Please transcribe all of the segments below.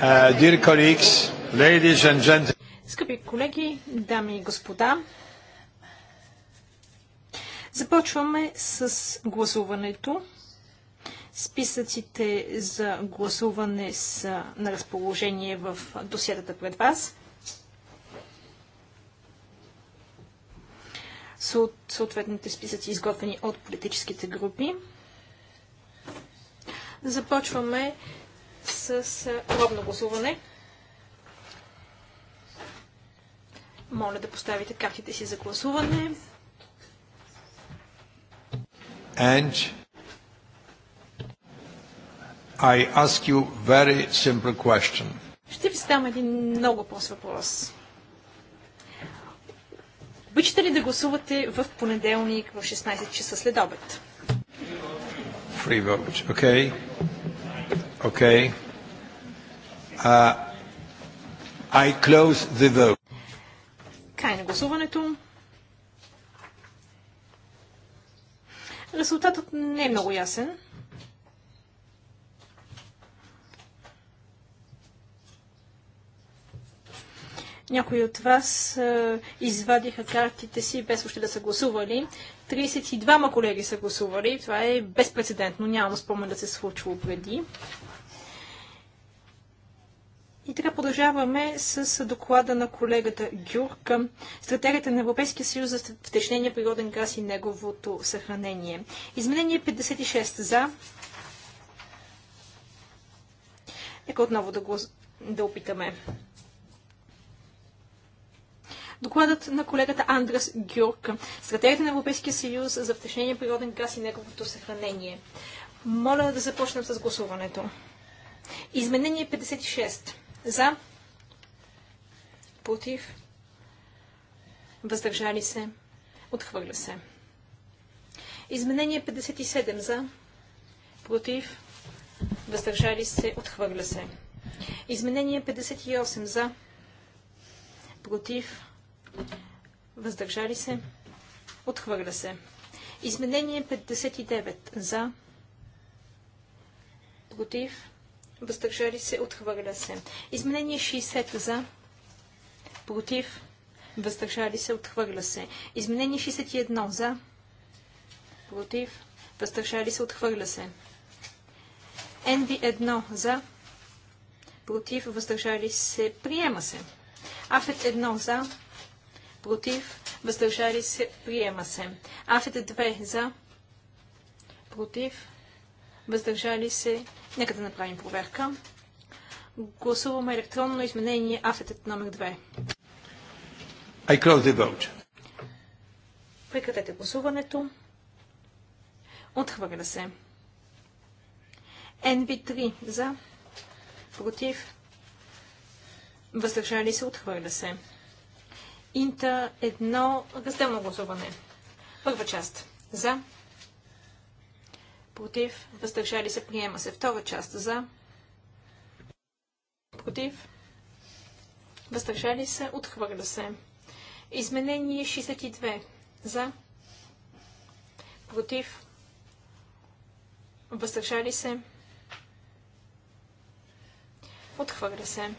Uh, Скъпи колеги, дами и господа, започваме с гласуването. Списъците за гласуване са на разположение в досиетата пред вас. Съответните списъци изготвени от политическите групи. Започваме с пробно гласуване. Моля да поставите картите си за гласуване. And I ask you very simple question. Ще ви задам един много прост въпрос. Обичате ли да гласувате в понеделник в 16 часа след обед? Free vote, okay? Okay. Uh, I close the vote. Край на гласуването. Резултатът не е много ясен. Някои от вас е, извадиха картите си без още да са гласували. 32 колеги са гласували. Това е безпредседентно. Нямам спомен да се е случва преди. И така продължаваме с доклада на колегата Гюрк. Стратегията на Европейския съюз за втечнение природен газ и неговото съхранение. Изменение 56 за. Нека отново да го да опитаме докладът на колегата Андрес Гюрк, стратегията на Европейския съюз за втечнение природен газ и неговото съхранение. Моля да започнем с гласуването. Изменение 56. За. Против. Въздържали се. Отхвърля се. Изменение 57. За. Против. Въздържали се. Отхвърля се. Изменение 58. За. Против. Въздържали се. Отхвърля се. Изменение 59. За. Против. Въздържали се. Отхвърля се. Изменение 60. За. Против. Въздържали се. Отхвърля се. Изменение 61. За. Против. Въздържали се. Отхвърля се. NV1. За. Против. Въздържали се. Приема се. АФЕТ 1. За против, въздържали се, приема се. Афета 2 за, против, въздържали се. Нека да направим проверка. Гласуваме електронно изменение Афет номер 2. I close the vote. Прекратете гласуването. Отхвърля се. NB3 за, против, въздържали се, отхвърля се. Инта едно разделно гласуване. Първа част. За. Против. Въздържали се. Приема се. Втора част. За. Против. Въздържали се. Отхвърля се. Изменение 62. За. Против. Въздържали се. Отхвърля се.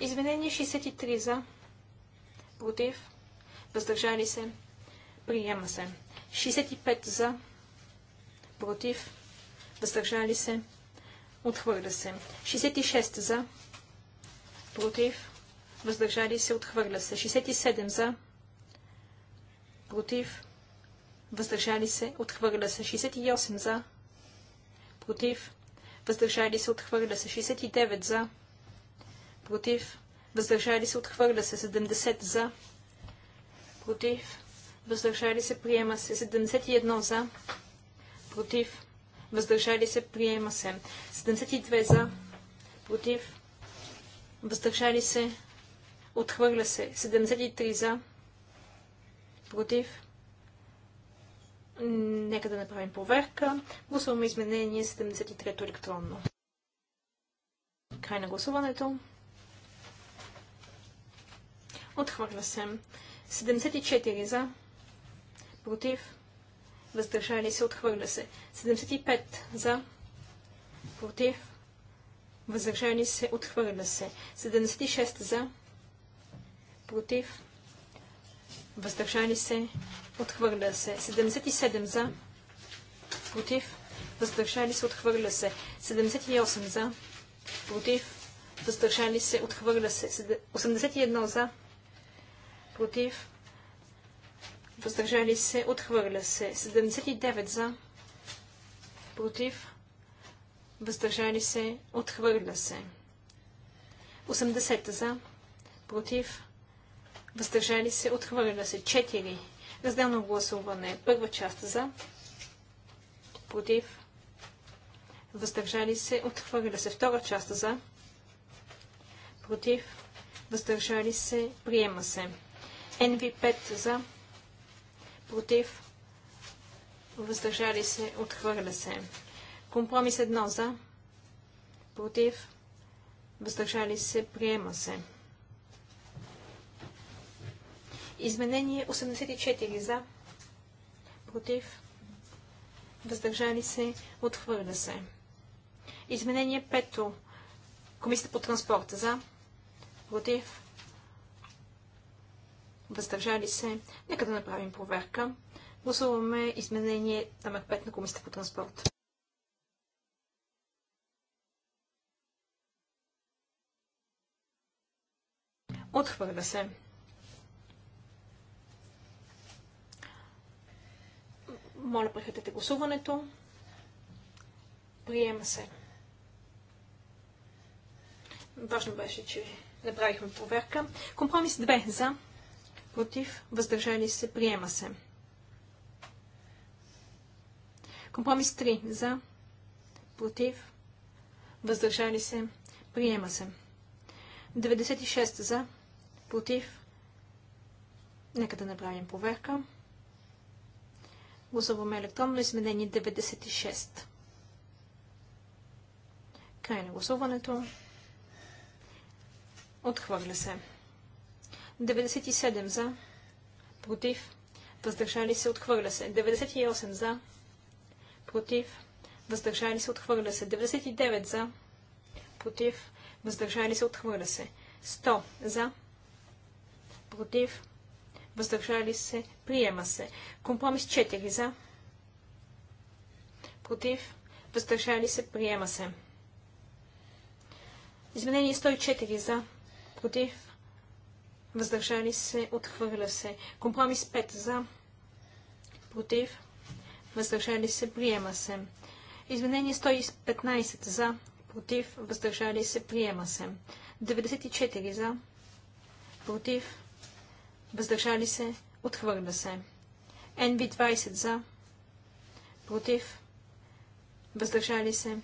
Изменение 63 за против, въздържали се, приема се. 65 за, против, въздържали се, отхвърля се. 66 за, против, въздържали се, отхвърля се. 67 за, против, въздържали се, отхвърля се. 68 за, против, въздържали се, отхвърля се. 69 за, против, въздържали се, отхвърля се 70 за, против, въздържали се, приема се 71 за, против, въздържали се, приема се 72 за, против, въздържали се, отхвърля се 73 за, против, Нека да направим проверка. Гласуваме изменение 73-то електронно. Край на гласуването. Отхвърля се. 74 за. Против. Въздържали се. Отхвърля се. 75 за. Против. Въздържали се. Отхвърля се. 76 за. Против. Въздържали се. Отхвърля се. 77 за. Против. Въздържали се. Отхвърля се. 78 за. Против. Въздържали се. Отхвърля се. 81 за против, въздържали се, отхвърля се. 79 за, против, въздържали се, отхвърля се. 80 за, против, въздържали се, отхвърля се. 4. Разделно гласуване. Първа част за, против, въздържали се, отхвърля се. Втора част за, против, въздържали се, приема се. NV5 за, против, въздържали се, отхвърля се. Компромис 1 за, против, въздържали се, приема се. Изменение 84 за, против, въздържали се, отхвърля се. Изменение 5. Комисията по транспорта за, против, въздържали се. Нека да направим проверка. Гласуваме изменение номер 5 на Комисията по транспорт. Отхвърля се. Моля, прекратете гласуването. Приема се. Важно беше, че направихме проверка. Компромис 2 за против, въздържали се, приема се. Компромис 3 за, против, въздържали се, приема се. 96 за, против, нека да направим проверка. Гласуваме електронно изменение 96. Край на гласуването. Отхвърля се. 97 за. Против. Въздържали се. Отхвърля се. 98 за. Против. Въздържали се. Отхвърля се. 99 за. Против. Въздържали се. Отхвърля се. 100 за. Против. Въздържали се. Приема се. Компромис 4 за. Против. Въздържали се. Приема се. Изменение 104 за. Против въздържали се, отхвърля се. Компромис 5 за, против, въздържали се, приема се. Изменение 115 за, против, въздържали се, приема се. 94 за, против, въздържали се, отхвърля се. NV20 за, против, въздържали се,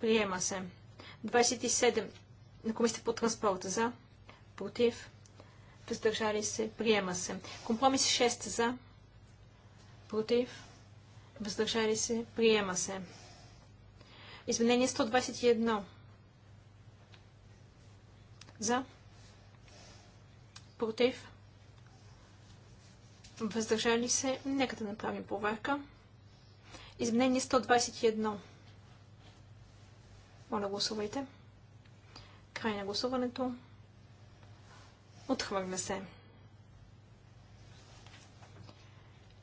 приема се. 27 на комисията по транспорта за, против, въздържали се, приема се. Компромис 6 за, против, въздържали се, приема се. Изменение 121 за, против, въздържали се, нека да направим проверка. Изменение 121. Моля, гласувайте. Край на гласуването. Отхвърля се.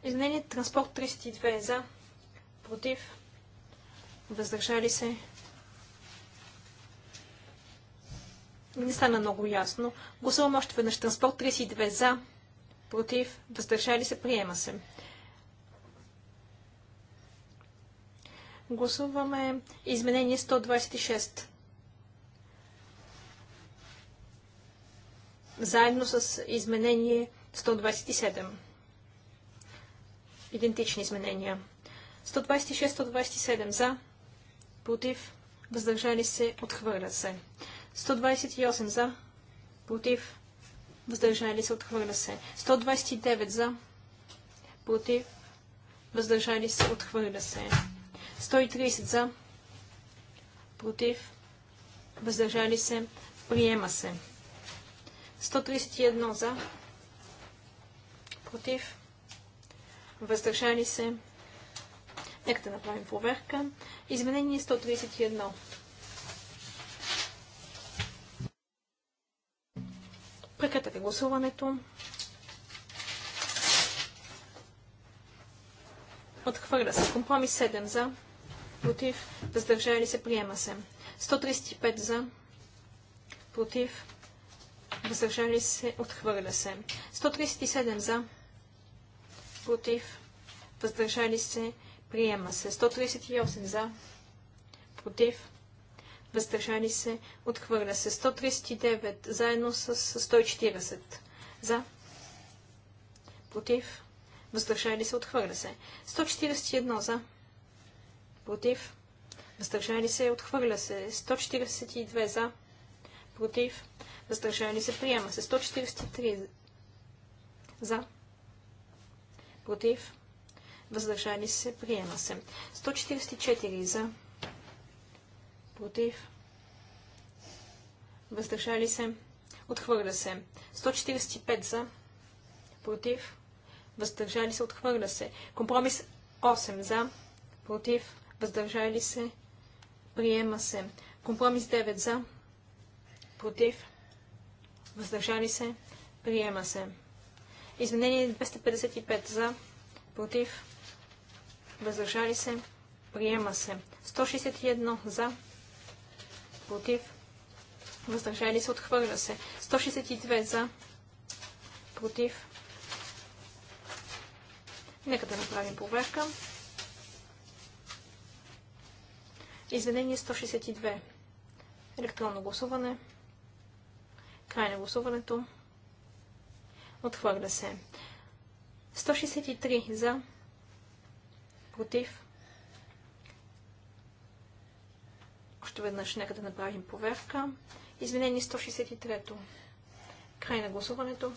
Изменение транспорт 32 за. Против. Въздържали се. Не стана много ясно. Гласувам още веднъж. Транспорт 32 за. Против. Въздържали се. Приема се. Гласуваме изменение 126. заедно с изменение 127. Идентични изменения. 126-127 за, против, въздържали се, отхвърля се. 128 за, против, въздържали се, отхвърля се. 129 за, против, въздържали се, отхвърля се. 130 за, против, въздържали се, приема се. 131 за, против, въздържали се. Нека да направим проверка. Изменение 131. Прекратете гласуването. Отхвърля се. Компромис 7 за. Против. Въздържали се. Приема се. 135 за. Против въздържали се, отхвърля се. 137 за, против, въздържали се, приема се. 138 за, против, въздържали се, отхвърля се. 139 заедно с 140 за, против, въздържали се, отхвърля се. 141 за, против, въздържали се, отхвърля се. 142 за, против, въздържали се, приема се. 143 за, против, въздържали се, приема се. 144 за, против, въздържали се, отхвърля се. 145 за, против, въздържали се, отхвърля се. Компромис 8 за, против, въздържали се, приема се. Компромис 9 за, против, въздържали се, приема се. Изменение 255 за, против, въздържали се, приема се. 161 за, против, въздържали се, отхвърля се. 162 за, против. Нека да направим проверка. Изменение 162. Електронно гласуване. Край на гласуването. Отхвърля се. 163 за. Против. Още веднъж нека да направим проверка. Изменение 163-то. Край на гласуването.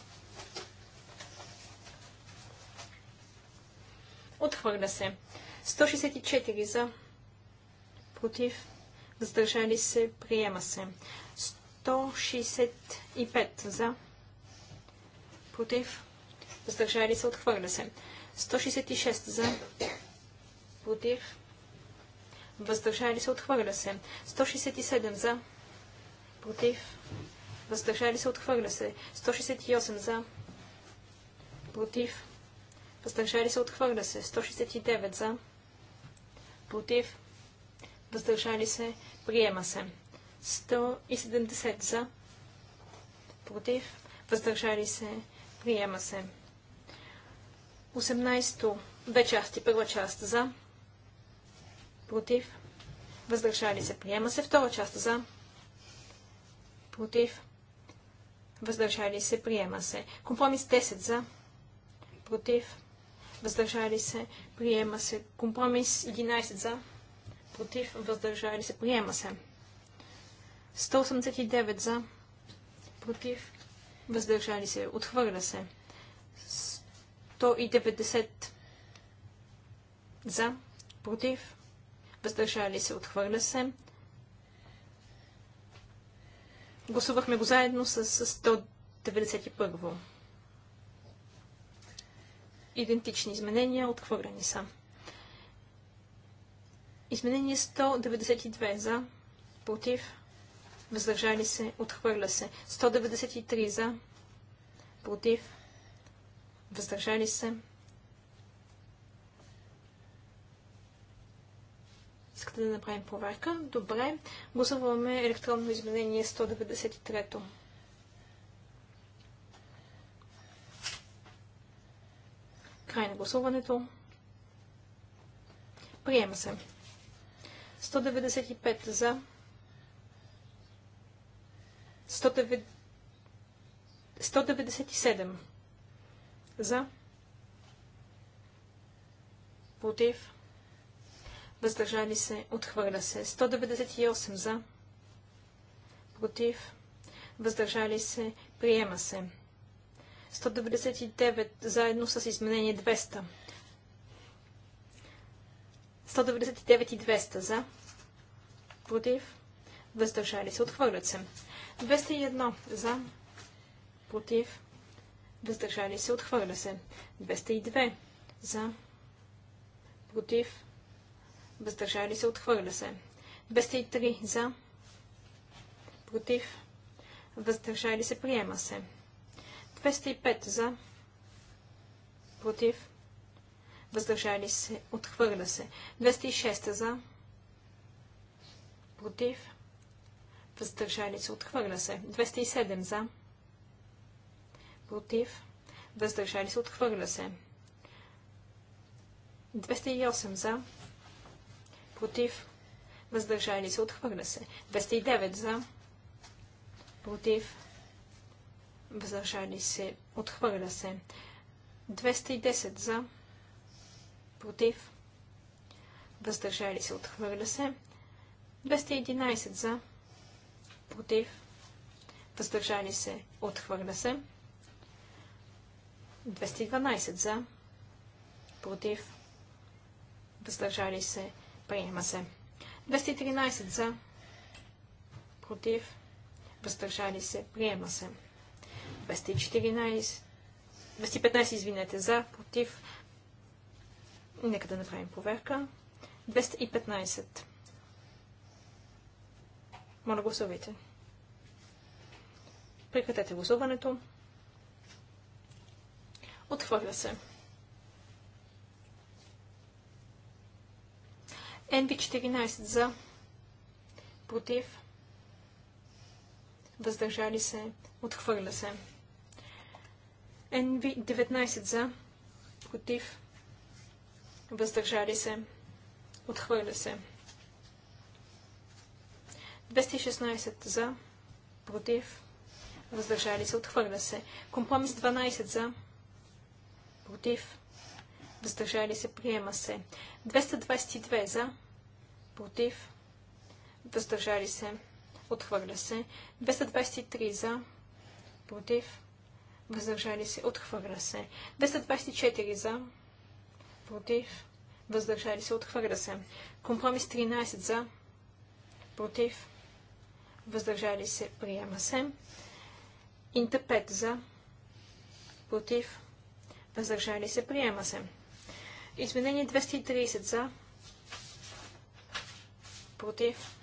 Отхвърля се. 164 за. Против. Въздържали се. Приема се. 165 за, против, въздържали се, отхвърля се. 166 за, против, въздържали се, отхвърля се. 167 за, против, въздържали се, отхвърля се. 168 за, против, въздържали се, отхвърля се. 169 за, против, въздържали се, приема се. 170 за, против, въздържали се, приема се. 18-то, две части, първа част за, против, въздържали се, приема се, втора част за, против, въздържали се, приема се. Компромис 10 за, против, въздържали се, приема се. Компромис 11 за, против, въздържали се, приема се. 189 за, против, въздържали се, отхвърля се. 190 за, против, въздържали се, отхвърля се. Гласувахме го заедно с 191. Идентични изменения, отхвърлени са. Изменение 192 за, против, въздържали се, отхвърля се. 193 за, против, въздържали се. Искате да направим проверка? Добре. Гласуваме електронно изменение 193-то. Край на гласуването. Приема се. 195 за, 197 за, против, въздържали се, отхвърля се. 198 за, против, въздържали се, приема се. 199 заедно с изменение 200. 199 и 200 за, против, въздържали се, отхвърлят се. 201 за, против, въздържали се, отхвърля се. 202 за, против, въздържали се, отхвърля се. 203 за, против, въздържали се, приема се. 205 за, против, въздържали се, отхвърля се. 206 за, против, въздържали се, отхвърля се. 207 за, против, въздържали се, отхвърля се. 208 за, против, въздържали се, отхвърля се. 209 за, против, въздържали се, отхвърля се. 210 за, против, въздържали се, отхвърля се. 211 за, против, въздържали се, отхвърля се. 212 за, против, въздържали се, приема се. 213 за, против, въздържали се, приема се. 214, 215, извинете, за, против, нека да направим проверка. 215. Моля, гласувайте. Прекратете гласуването. Отхвърля се. NB14 за против въздържали се, отхвърля се. nb 19 за, против, въздържали се, отхвърля се. 216 за, против, въздържали се, отхвърля се. Компромис 12 за, против, въздържали се, приема се. 222 за, против, въздържали се, отхвърля се. 223 за, против, въздържали се, отхвърля се. 224 за, против, въздържали се, отхвърля се. Компромис 13 за, против, въздържали се, приема се. Инта 5 за, против, въздържали се, приема се. Изменение 230 за, против,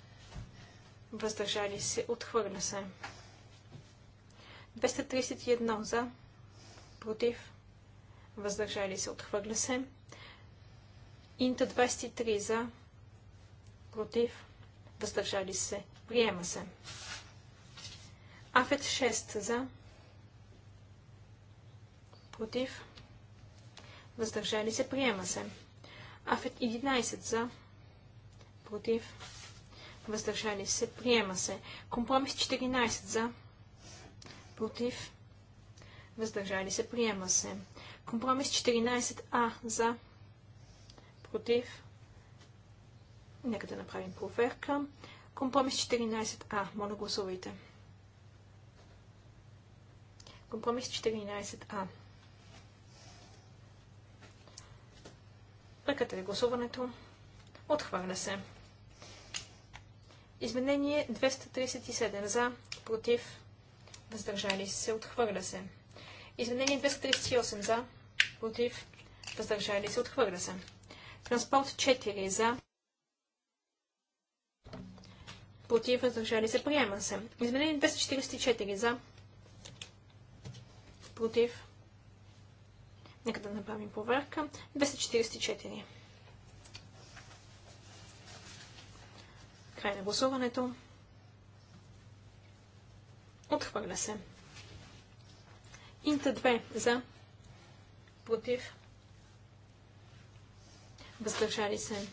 въздържали се, отхвърля се. 231 за, против, въздържали се, отхвърля се. Инта 23 за, против, въздържали се, приема се. Афет 6 за, против, въздържали се, приема се. Афет 11 за, против, въздържали се, приема се. Компромис 14 за, против, въздържали се, приема се. Компромис 14а за, против, Нека да направим проверка. Компромис 14А. Моля гласувайте. Компромис 14А. Прекратете гласуването. Отхвърля се. Изменение 237 за, против, въздържали се, отхвърля се. Изменение 238 за, против, въздържали се, отхвърля се. Транспорт 4 за, против, въздържали се, приема се. Изменение 244 за, против, нека да направим проверка, 244. Край на гласуването. Отхвърля се. Инта 2 за, против, въздържали се,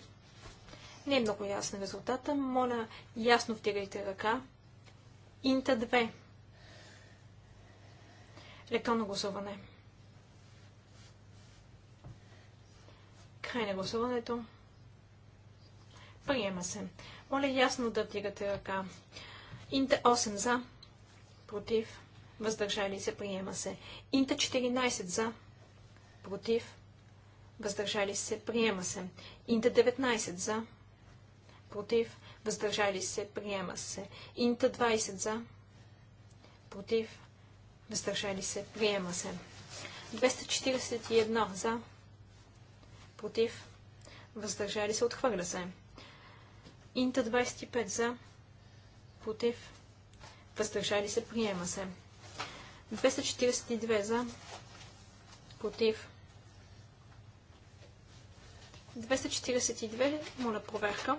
не е много ясен резултата. Моля, ясно втегайте ръка. Инта 2. Електронно гласуване. Край на гласуването. Приема се. Моля ясно да вдигате ръка. Инта 8 за. Против. Въздържали се. Приема се. Инта 14 за. Против. Въздържали се. Приема се. Инта 19 за против, въздържали се, приема се. Инта 20 за, против, въздържали се, приема се. 241 за, против, въздържали се, отхвърля се. Инта 25 за, против, въздържали се, приема се. 242 за, против. 242, моля проверка.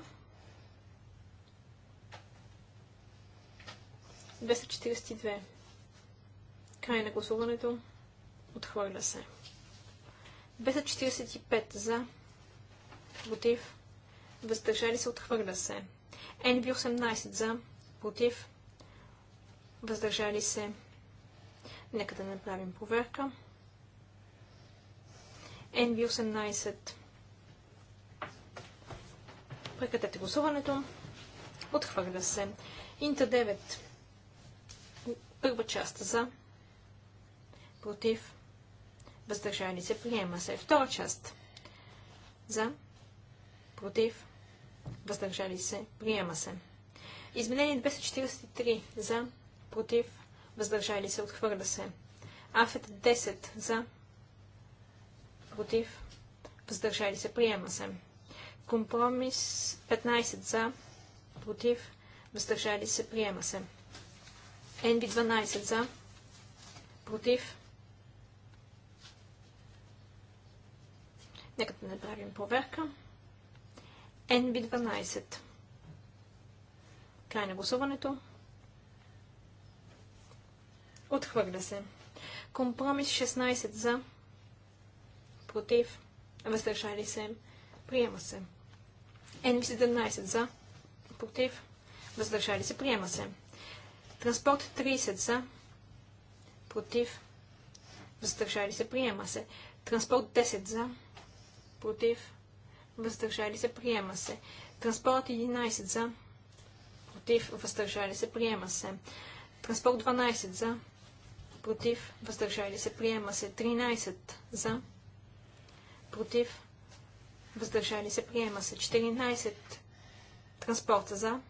242. Край на гласуването. Отхвърля се. 245 за. Против. Въздържали се. Отхвърля се. NB 18 за. Против. Въздържали се. Нека да направим проверка. NB 18. Прекратете гласуването. Отхвърля се. Инта 9 Първа част за, против, въздържали се, приема се. Втора част за, против, въздържали се, приема се. Изменение 243 за, против, въздържали се, отхвърля се. Афет 10 за, против, въздържали се, приема се. Компромис 15 за, против, въздържали се, приема се. NB12 за, против. Нека да направим проверка. NB12. Край на гласуването. Отхвърля се. Компромис 16 за. Против. Въздържали се. Приема се. nb 17 за. Против. Въздържали се. Приема се. Транспорт 30 за, против, въздържали се, приема се. Транспорт 10 за, против, въздържали се, приема се. Транспорт 11 за, против, въздържали се, приема се. Транспорт 12 за, против, въздържали се, приема се. 13 за, против, въздържали се, приема се. 14 транспорт за,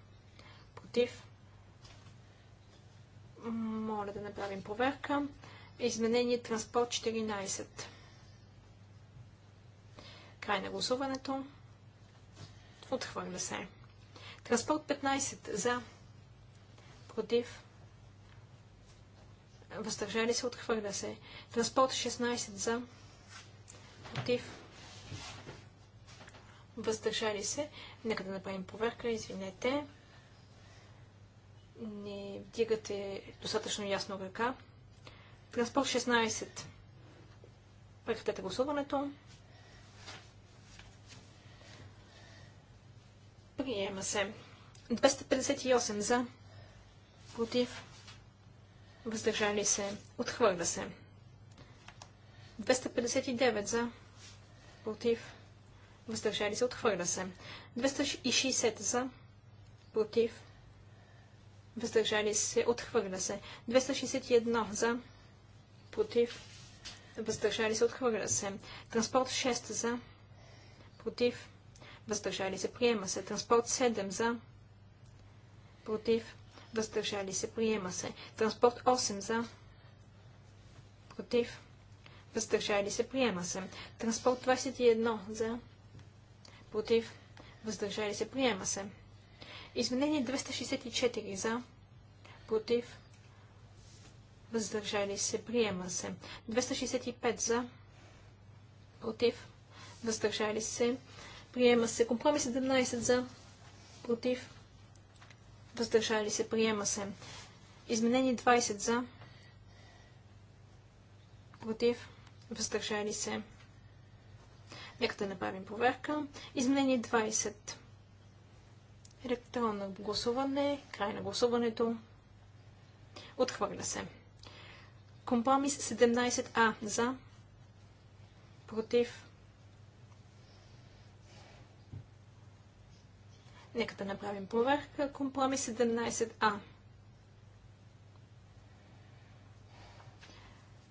против, моля да направим проверка. Изменение транспорт 14. Край на гласуването. Отхвърля се. Транспорт 15. За. Против. Въздържали се. Отхвърля се. Транспорт 16. За. Против. Въздържали се. Нека да направим проверка. Извинете не вдигате достатъчно ясно ръка. Транспорт 16. Прекратете гласуването. Приема се. 258 за. Против. Въздържали се. Отхвърля се. 259 за. Против. Въздържали се. Отхвърля се. 260 за. Против въздържали се, отхвърля се. 261 за, против, въздържали се, отхвърля се. Транспорт 6 за, против, въздържали се, приема се. Транспорт 7 за, против, въздържали се, приема се. Транспорт 8 за, против, въздържали се, приема се. Транспорт 21 за, против, въздържали се, приема се. Изменение 264 за, против, въздържали се, приема се. 265 за, против, въздържали се, приема се. Компромис 17 за, против, въздържали се, приема се. Изменение 20 за, против, въздържали се. Нека да направим проверка. Изменение 20. Електронно гласуване. Край на гласуването. Отхвърля се. Компромис 17А. За. Против. Нека да направим проверка. Компромис 17А.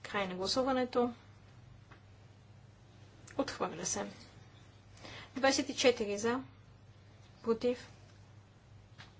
Край на гласуването. Отхвърля се. 24 за. Против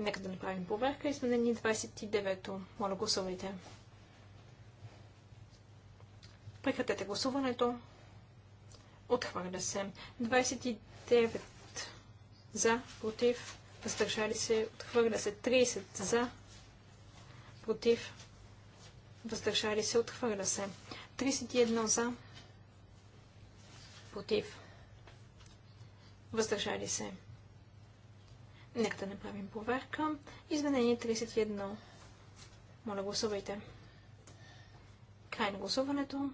Нека да направим проверка. Изменение 29-то. Моля, гласувайте. Прекратете гласуването. Отхвърля се. 29 за, против, въздържали се, отхвърля се. 30 за, против, въздържали се, отхвърля се. 31 за, против, въздържали се. Нека да направим проверка. Изменение 31. Моля, гласувайте. Край на гласуването.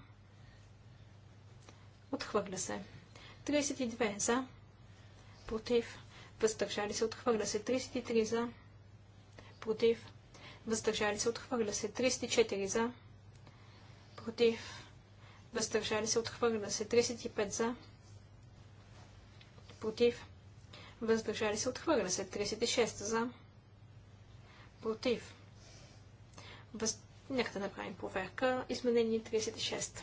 Отхвърля се. 32 за. Против. Въздържали се. Отхвърля се. 33 за. Против. Въздържали се. Отхвърля се. 34 за. Против. Въздържали се. Отхвърля се. 35 за. Против въздържали се, отхвърля се. 36 за, против. Въз... Нека да направим проверка. Изменение 36.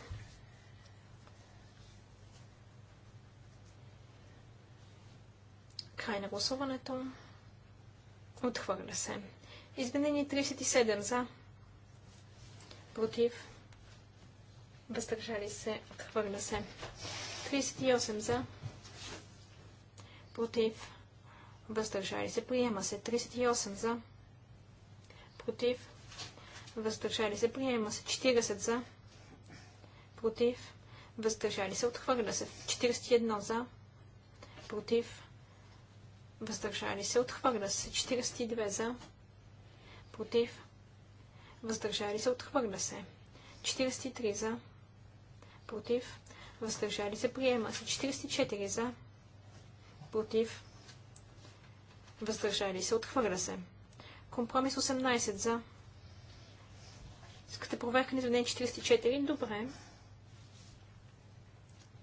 Край на гласуването. Отхвърля се. Изменение 37 за. Против. Въздържали се. Отхвърля се. 38 за против, въздържали се, приема се. 38 за, против, въздържали се, приема се. 40 за, против, въздържали се, отхвърля се. 41 за, против, въздържали се, отхвърля се. 42 за, против, въздържали се, отхвърля се. 43 за, против, въздържали се, приема се. 44 за, против, въздържали се, отхвърля се. Компромис 18 за. Искате проверка на изведение 44? Добре.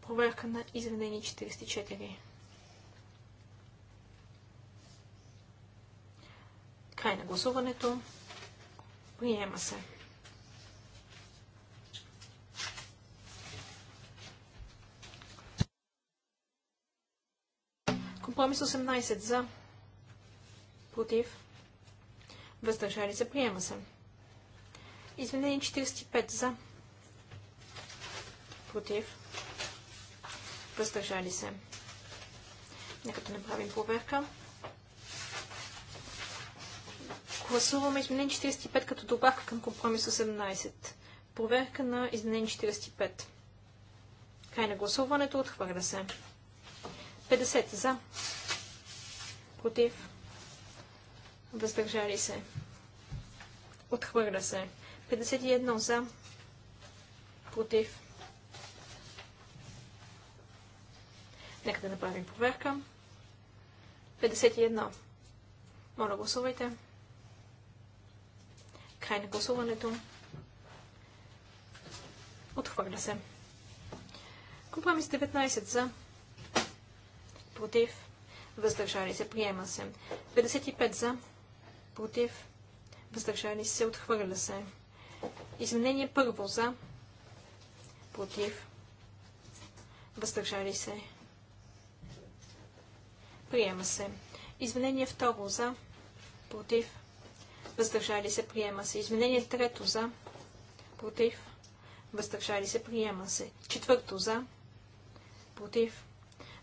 Проверка на изведение 44. Край на гласуването. Приема се. Компромис 18 за. Против. Въздържали се. Приема се. Изменение 45 за. Против. Въздържали се. Нека да направим проверка. Гласуваме изменение 45 като добавка към компромис 18. Проверка на изменение 45. Край на гласуването. Отхвърля се. 50 за. Против. Въздържали се. Отхвърля се. 51 за. Против. Нека да направим проверка. 51. Моля, гласувайте. Край на гласуването. Отхвърля се. Компромис 19 за против, въздържали се, приема се. 55 за, против, въздържали се, отхвърля се. Изменение първо за, против, въздържали се, приема се. Изменение второ за, против, въздържали се, приема се. Изменение трето за, против, въздържали се, приема се. Четвърто за, против,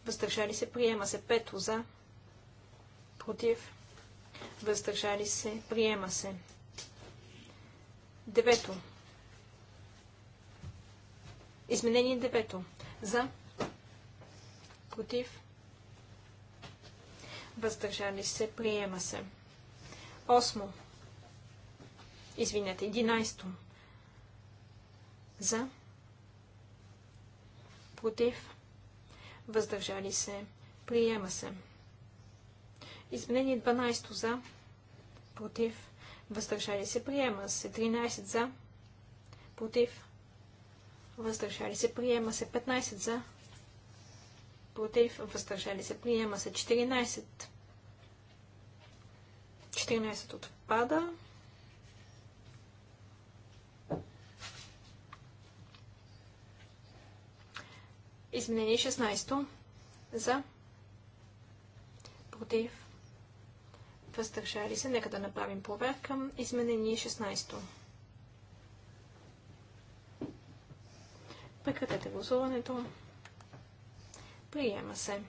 въздържали се, приема се. Пето за, против, въздържали се, приема се. Девето. Изменение девето. За, против, въздържали се, приема се. Осмо. Извинете, единайсто. За, против, въздържали се, приема се. Изменение 12 за, против, въздържали се, приема се. 13 за, против, въздържали се, приема се. 15 за, против, въздържали се, приема се. 14. 14 отпада. Изменение 16 за против въздържали се. Нека да направим проверка. Изменение 16. Прекратете гласуването. Приема се.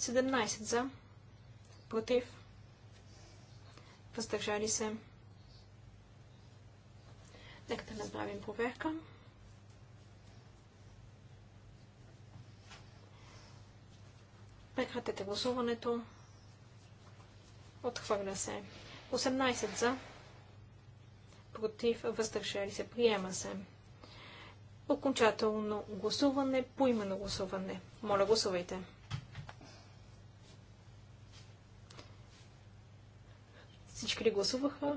17 за. Против. Въздържали се. Нека да направим проверка. Прекратете гласуването. Отхвърля се. 18 за. Против. Въздържали се. Приема се. Окончателно гласуване. Поименно гласуване. Моля, гласувайте. Всички ли гласуваха?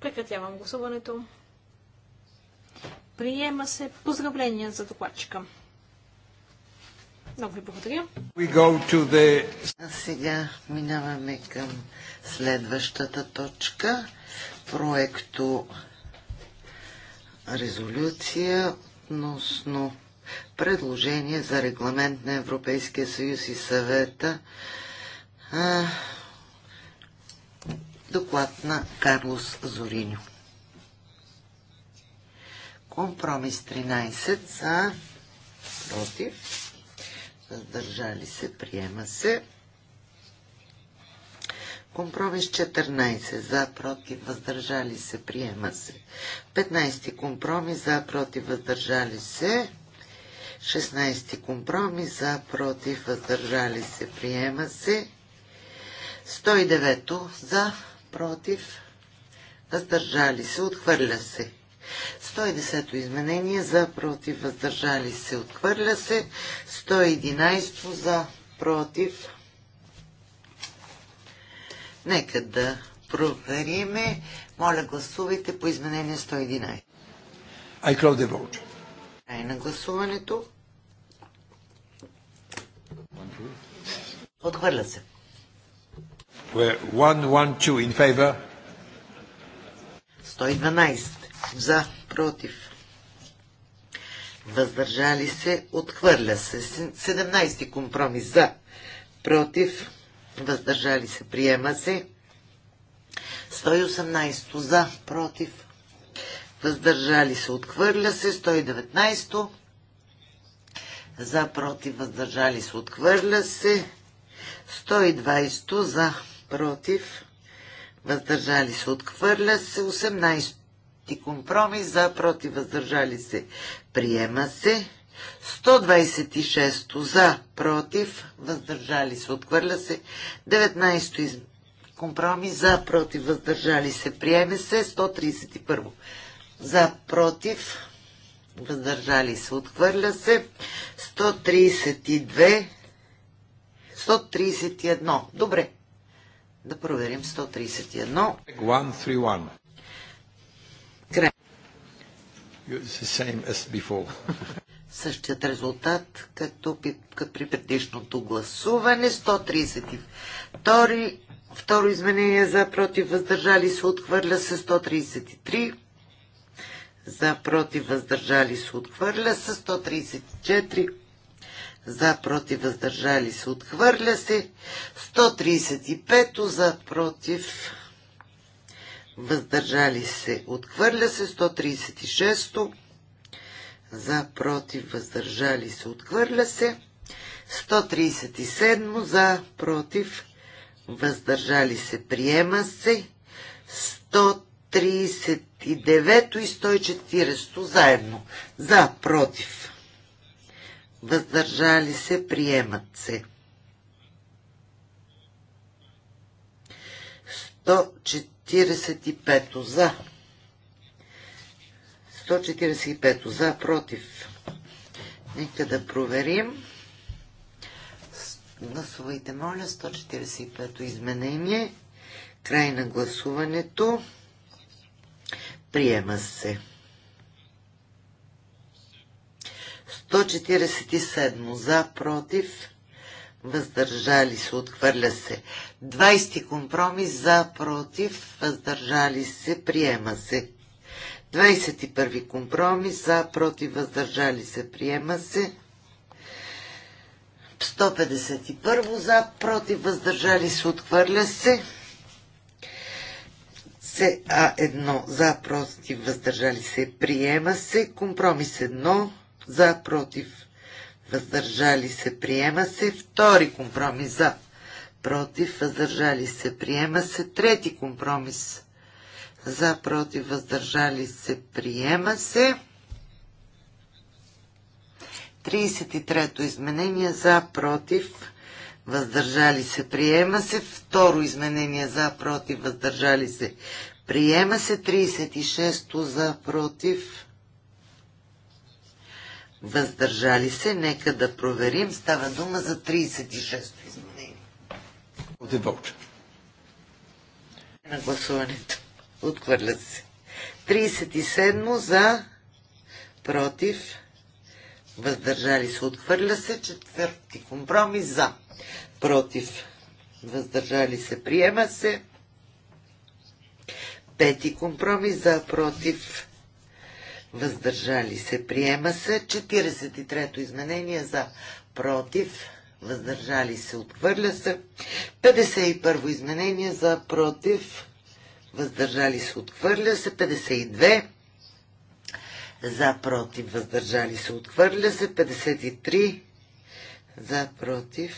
Прекратявам гласуването. Приема се поздравления за докладчика. Много ви благодаря. The... А сега минаваме към следващата точка. Проекто резолюция относно предложение за регламент на Европейския съюз и съвета. А, доклад на Карлос Зориньо. Компромис 13 за против въздържали се, приема се. Компромис 14. За, против, въздържали се, приема се. 15. Компромис. За, против, въздържали се. 16. Компромис. За, против, въздържали се, приема се. 109. За, против, въздържали се, отхвърля се. 110-то изменение за против въздържали се отхвърля се. 111-то за против. Нека да провериме. Моля гласувайте по изменение 111. I close the vote. Край на гласуването. Отхвърля се. We're 112 in favor. 112 за, против. Въздържали се, отхвърля се. 17 компромис за, против. Въздържали се, приема се. 118 за, против. Въздържали се, отхвърля се. 119 за, против. Въздържали се, отхвърля се. 120 за, против въздържали се, отхвърля се, 18 и компромис за против въздържали се. Приема се. 126 за против въздържали се. Отхвърля се. 19 компромис за против въздържали се. Приеме се. 131 за против въздържали се. Отхвърля се. 132 131. Добре. Да проверим 131. 131. Същият резултат, като, при предишното гласуване. 132. Второ изменение за против въздържали се отхвърля се 133. За против въздържали се отхвърля се 134. За против въздържали се отхвърля се 135. За против въздържали се, отхвърля се 136 за, против, въздържали се, отхвърля се 137 за, против, въздържали се, приема се 139 и 140 заедно за, против, въздържали се, приемат се 140 145 за. 145 за, против. Нека да проверим. Гласувайте, моля, 145 изменение. Край на гласуването. Приема се. 147 за, против, въздържали се, отхвърля се. 20 компромис за, против, въздържали се, приема се. 21 компромис за, против, въздържали се, приема се. 151 за, против, въздържали се, отхвърля се. СА1 за, против, въздържали се, приема се. Компромис 1 за, против, въздържали се, приема се. Втори компромис за, против, въздържали се, приема се. Трети компромис за, против, въздържали се, приема се. 33-то изменение за, против, въздържали се, приема се. Второ изменение за, против, въздържали се, приема се. 36-то за, против, въздържали се. Нека да проверим. Става дума за 36-то изменение. На гласуването. Отхвърля се. 37 за, против, въздържали се. Отхвърля се. Четвърти компромис за, против, въздържали се. Приема се. Пети компромис за, против, въздържали се. Приема се. 43-то изменение за, против, въздържали се, отхвърля се. 51 изменение за против, въздържали се, отхвърля се. 52 за против, въздържали се, отхвърля се. 53 за против.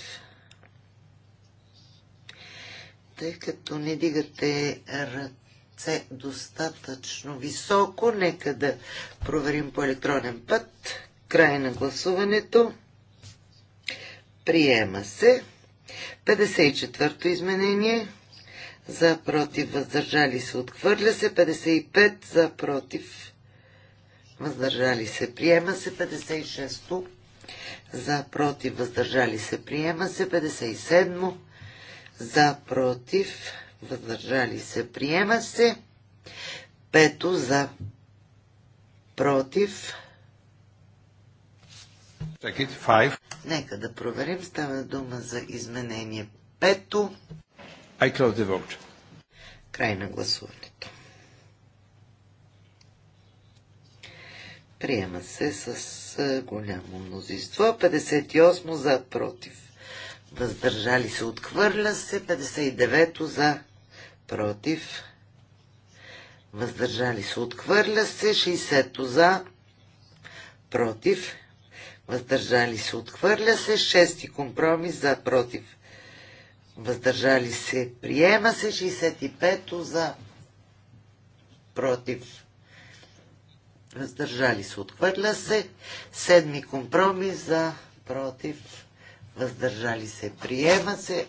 Тъй като не дигате ръце достатъчно високо, нека да проверим по електронен път. Край на гласуването. Приема се. 54-то изменение. За против въздържали се. Отхвърля се. 55 за против въздържали се. Приема се. 56-то за против въздържали се. Приема се. 57-то за против въздържали се. Приема се. 5 за против въздържали се Нека да проверим. Става дума за изменение пето. I close the vote. Край на гласуването. Приема се с голямо мнозинство. 58 за против. Въздържали се, отхвърля се. 59 за против. Въздържали се, отхвърля се. 60 за против въздържали се, отхвърля се. Шести компромис за, против, въздържали се, приема се. 65-то за, против, въздържали се, отхвърля се. Седми компромис за, против, въздържали се, приема се.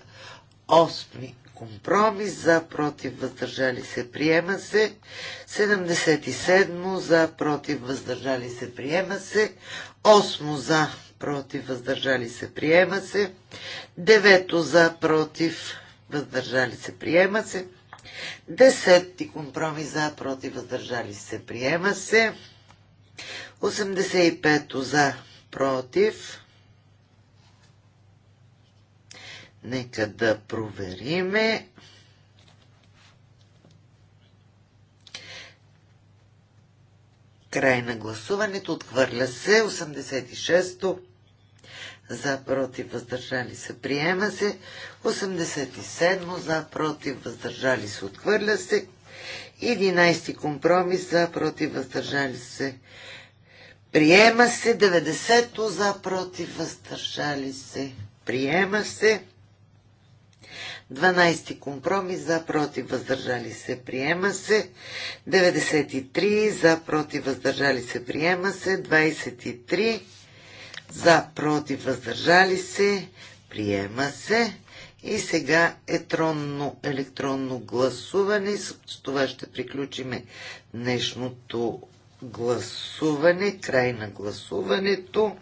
Осми компромис, за, против, въздържали се, приема се. 77 за, против, въздържали се, приема се. 8 за, против, въздържали се, приема се. 9 за, против, въздържали се, приема се. 10 компромис за, против, въздържали се, приема се. 85 за, против, Нека да провериме. Край на гласуването. Отхвърля се. 86-то. За против въздържали се. Приема се. 87-мо. За против въздържали се. Отхвърля се. 11 компромис. За против въздържали се. Приема се. 90-то. За против въздържали се. Приема се. 12 компромис за против въздържали се приема се. 93 за против въздържали се приема се. 23 за против въздържали се приема се. И сега тронно електронно гласуване. С това ще приключиме днешното гласуване, край на гласуването.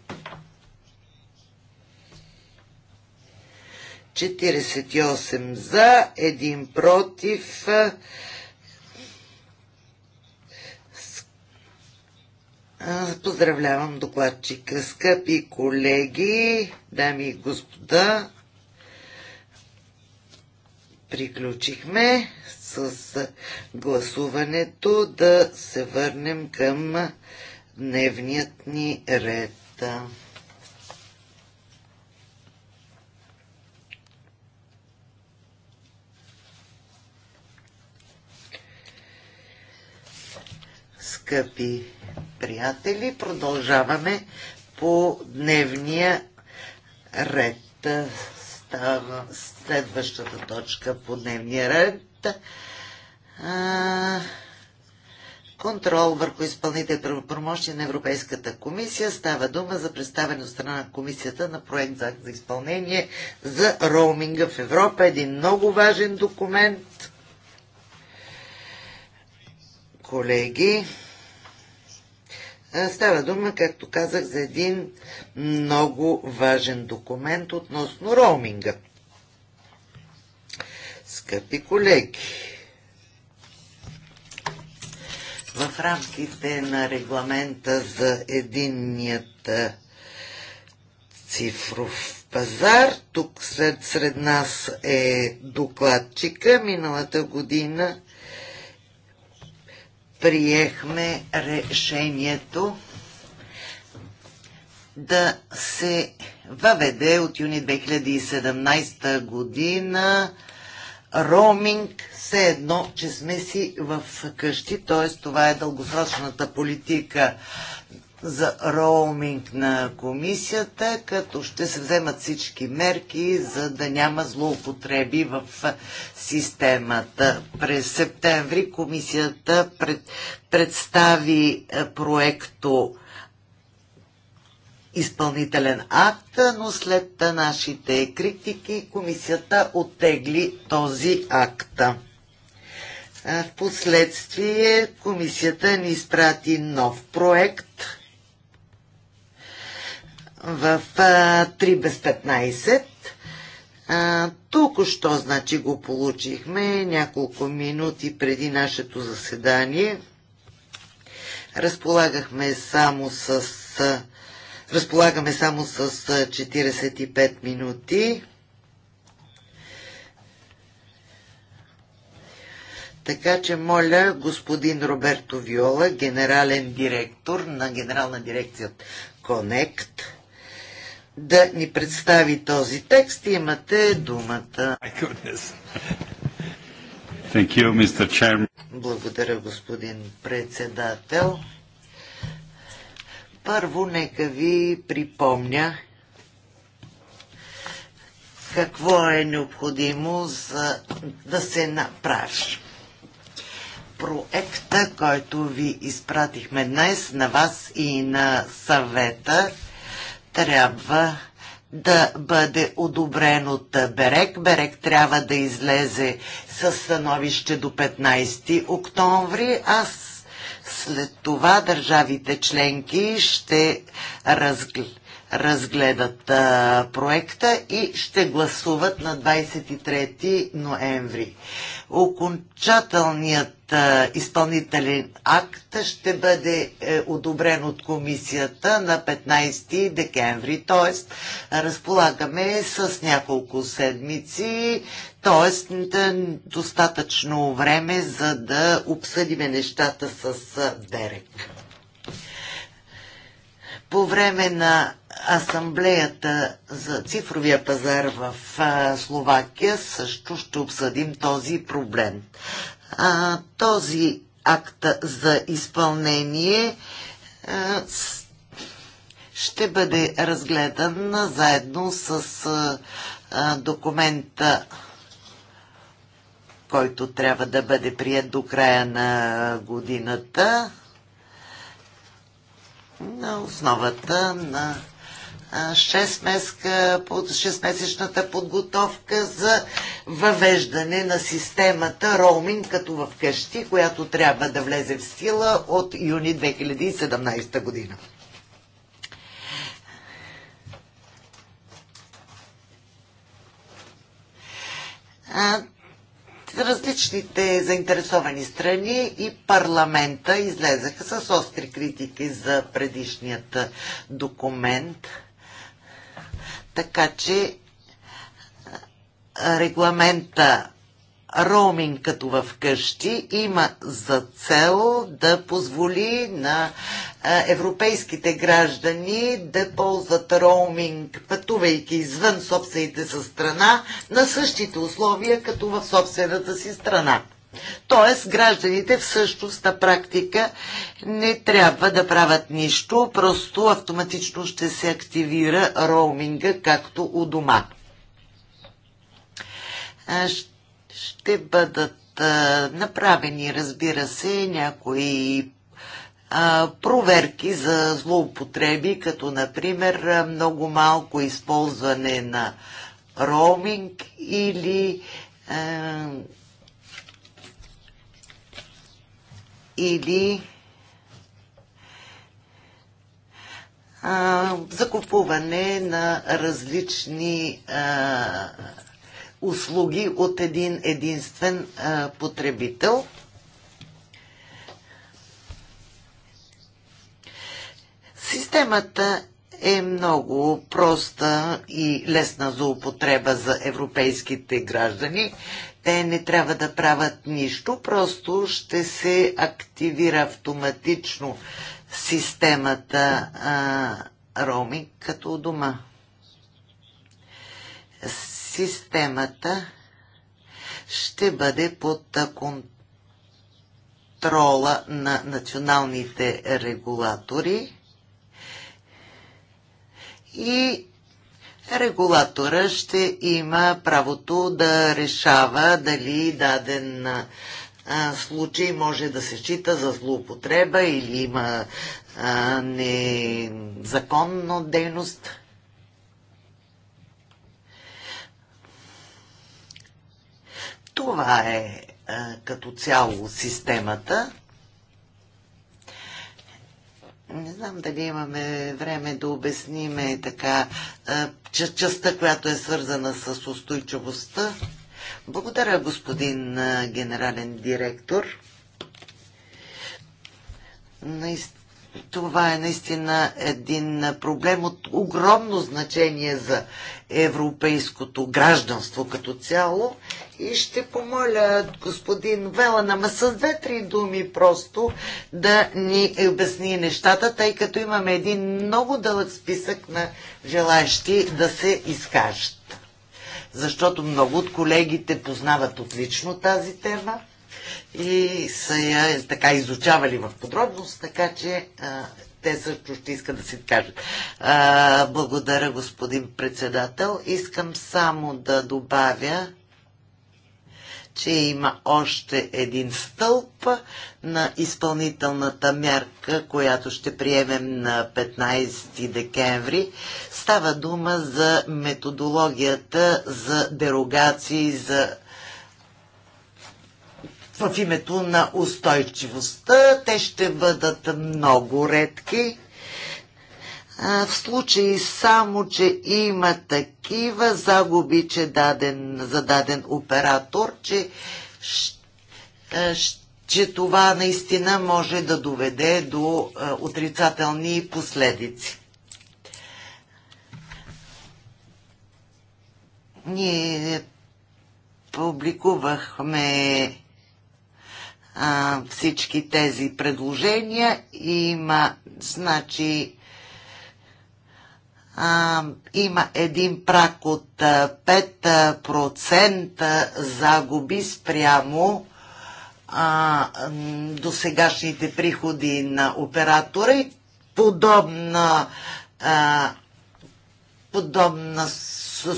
48 за, 1 против. Поздравлявам докладчика, скъпи колеги, дами и господа. Приключихме с гласуването да се върнем към дневният ни ред. скъпи приятели. Продължаваме по дневния ред. Става следващата точка по дневния ред. А, контрол върху изпълните правопромощи на Европейската комисия. Става дума за представяне от страна на комисията на проект за, за изпълнение за роуминга в Европа. Един много важен документ. Колеги, Става дума, както казах, за един много важен документ относно роуминга. Скъпи колеги, в рамките на регламента за единният цифров пазар. Тук след, сред нас е докладчика. Миналата година приехме решението да се въведе от юни 2017 година роуминг, все едно, че сме си в къщи, т.е. това е дългосрочната политика за роуминг на комисията, като ще се вземат всички мерки, за да няма злоупотреби в системата. През септември комисията пред, представи е, проекто изпълнителен акт, но след нашите критики комисията оттегли този акт. Е, в последствие комисията ни изпрати нов проект – в 3 без 15. Току-що, значи, го получихме няколко минути преди нашето заседание. Разполагахме само с, разполагаме само с 45 минути. Така че моля господин Роберто Виола, генерален директор на генерална дирекция Конект, да ни представи този текст. Имате думата. You, Благодаря, господин председател. Първо, нека ви припомня какво е необходимо за да се направи. Проекта, който ви изпратихме днес на вас и на съвета, трябва да бъде одобрен от Берек. Берек трябва да излезе с становище до 15 октомври. Аз след това държавите членки ще разгледат разгледат а, проекта и ще гласуват на 23 ноември. Окончателният а, изпълнителен акт ще бъде е, одобрен от комисията на 15 декември, т.е. разполагаме с няколко седмици, т.е. достатъчно време за да обсъдиме нещата с Дерек по време на Асамблеята за цифровия пазар в Словакия също ще обсъдим този проблем. А, този акт за изпълнение а, ще бъде разгледан заедно с а, документа, който трябва да бъде прият до края на годината на основата на 6-месечната подготовка за въвеждане на системата роуминг като в къщи, която трябва да влезе в сила от юни 2017 година. различните заинтересовани страни и парламента излезаха с остри критики за предишният документ – така че регламента роуминг като в къщи има за цел да позволи на европейските граждани да ползват роуминг, пътувайки извън собствените са страна, на същите условия като в собствената си страна. Тоест, гражданите всъщност на практика не трябва да правят нищо, просто автоматично ще се активира роуминга, както у дома. Ще бъдат направени, разбира се, някои проверки за злоупотреби, като например много малко използване на роуминг или или а, закупуване на различни а, услуги от един единствен а, потребител. Системата е много проста и лесна за употреба за европейските граждани. Те не трябва да правят нищо, просто ще се активира автоматично системата а, Роми като дома. Системата ще бъде под контрола на националните регулатори и регулатора ще има правото да решава дали даден случай може да се счита за злоупотреба или има а, незаконно дейност. Това е а, като цяло системата. Не знам дали имаме време да обясниме така частта, която е свързана с устойчивостта. Благодаря, господин генерален директор. Това е наистина един проблем от огромно значение за европейското гражданство като цяло и ще помоля господин Вела нама с две-три думи просто да ни обясни нещата, тъй като имаме един много дълъг списък на желаящи да се изкажат. Защото много от колегите познават отлично тази тема и са я така изучавали в подробност, така че а, те също ще искат да си кажат. А, благодаря, господин председател. Искам само да добавя, че има още един стълб на изпълнителната мярка, която ще приемем на 15 декември. Става дума за методологията за дерогации за в името на устойчивостта. Те ще бъдат много редки в случай само, че има такива загуби, че даден, за даден оператор, че, е, че това наистина може да доведе до е, отрицателни последици. Ние публикувахме а, всички тези предложения. Има, значи, а, има един прак от 5% загуби спрямо а, досегашните приходи на оператора и подобна, а, подобна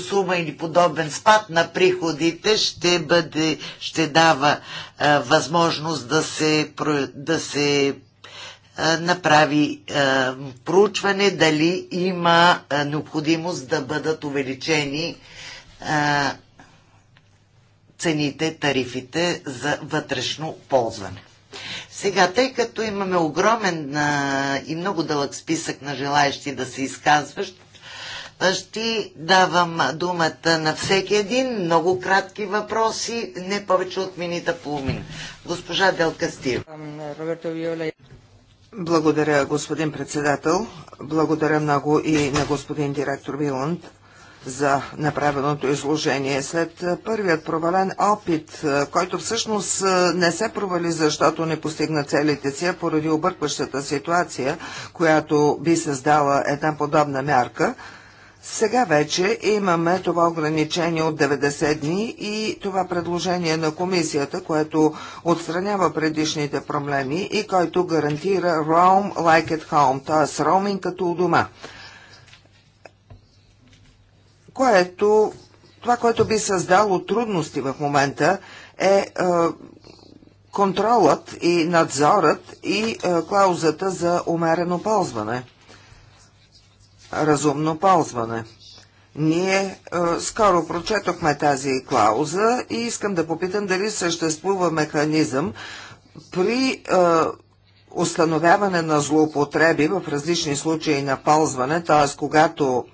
сума или подобен спад на приходите ще, бъде, ще дава а, възможност да се, да се направи проучване дали има необходимост да бъдат увеличени цените, тарифите за вътрешно ползване. Сега, тъй като имаме огромен и много дълъг списък на желаящи да се изказваш, ще давам думата на всеки един. Много кратки въпроси, не повече от минута половина. Госпожа Дел Кастил. Благодаря, господин председател. Благодаря много и на господин директор Виланд за направеното изложение. След първият провален опит, който всъщност не се провали, защото не постигна целите си, а поради объркващата ситуация, която би създала една подобна мярка – сега вече имаме това ограничение от 90 дни и това предложение на комисията, което отстранява предишните проблеми и който гарантира Roam like at home, т.е. роуминг като у дома. Което, това, което би създало трудности в момента е, е контролът и надзорът и е, клаузата за умерено ползване разумно ползване. Ние е, скоро прочетохме тази клауза и искам да попитам дали съществува механизъм при е, установяване на злоупотреби в различни случаи на ползване, т.е. когато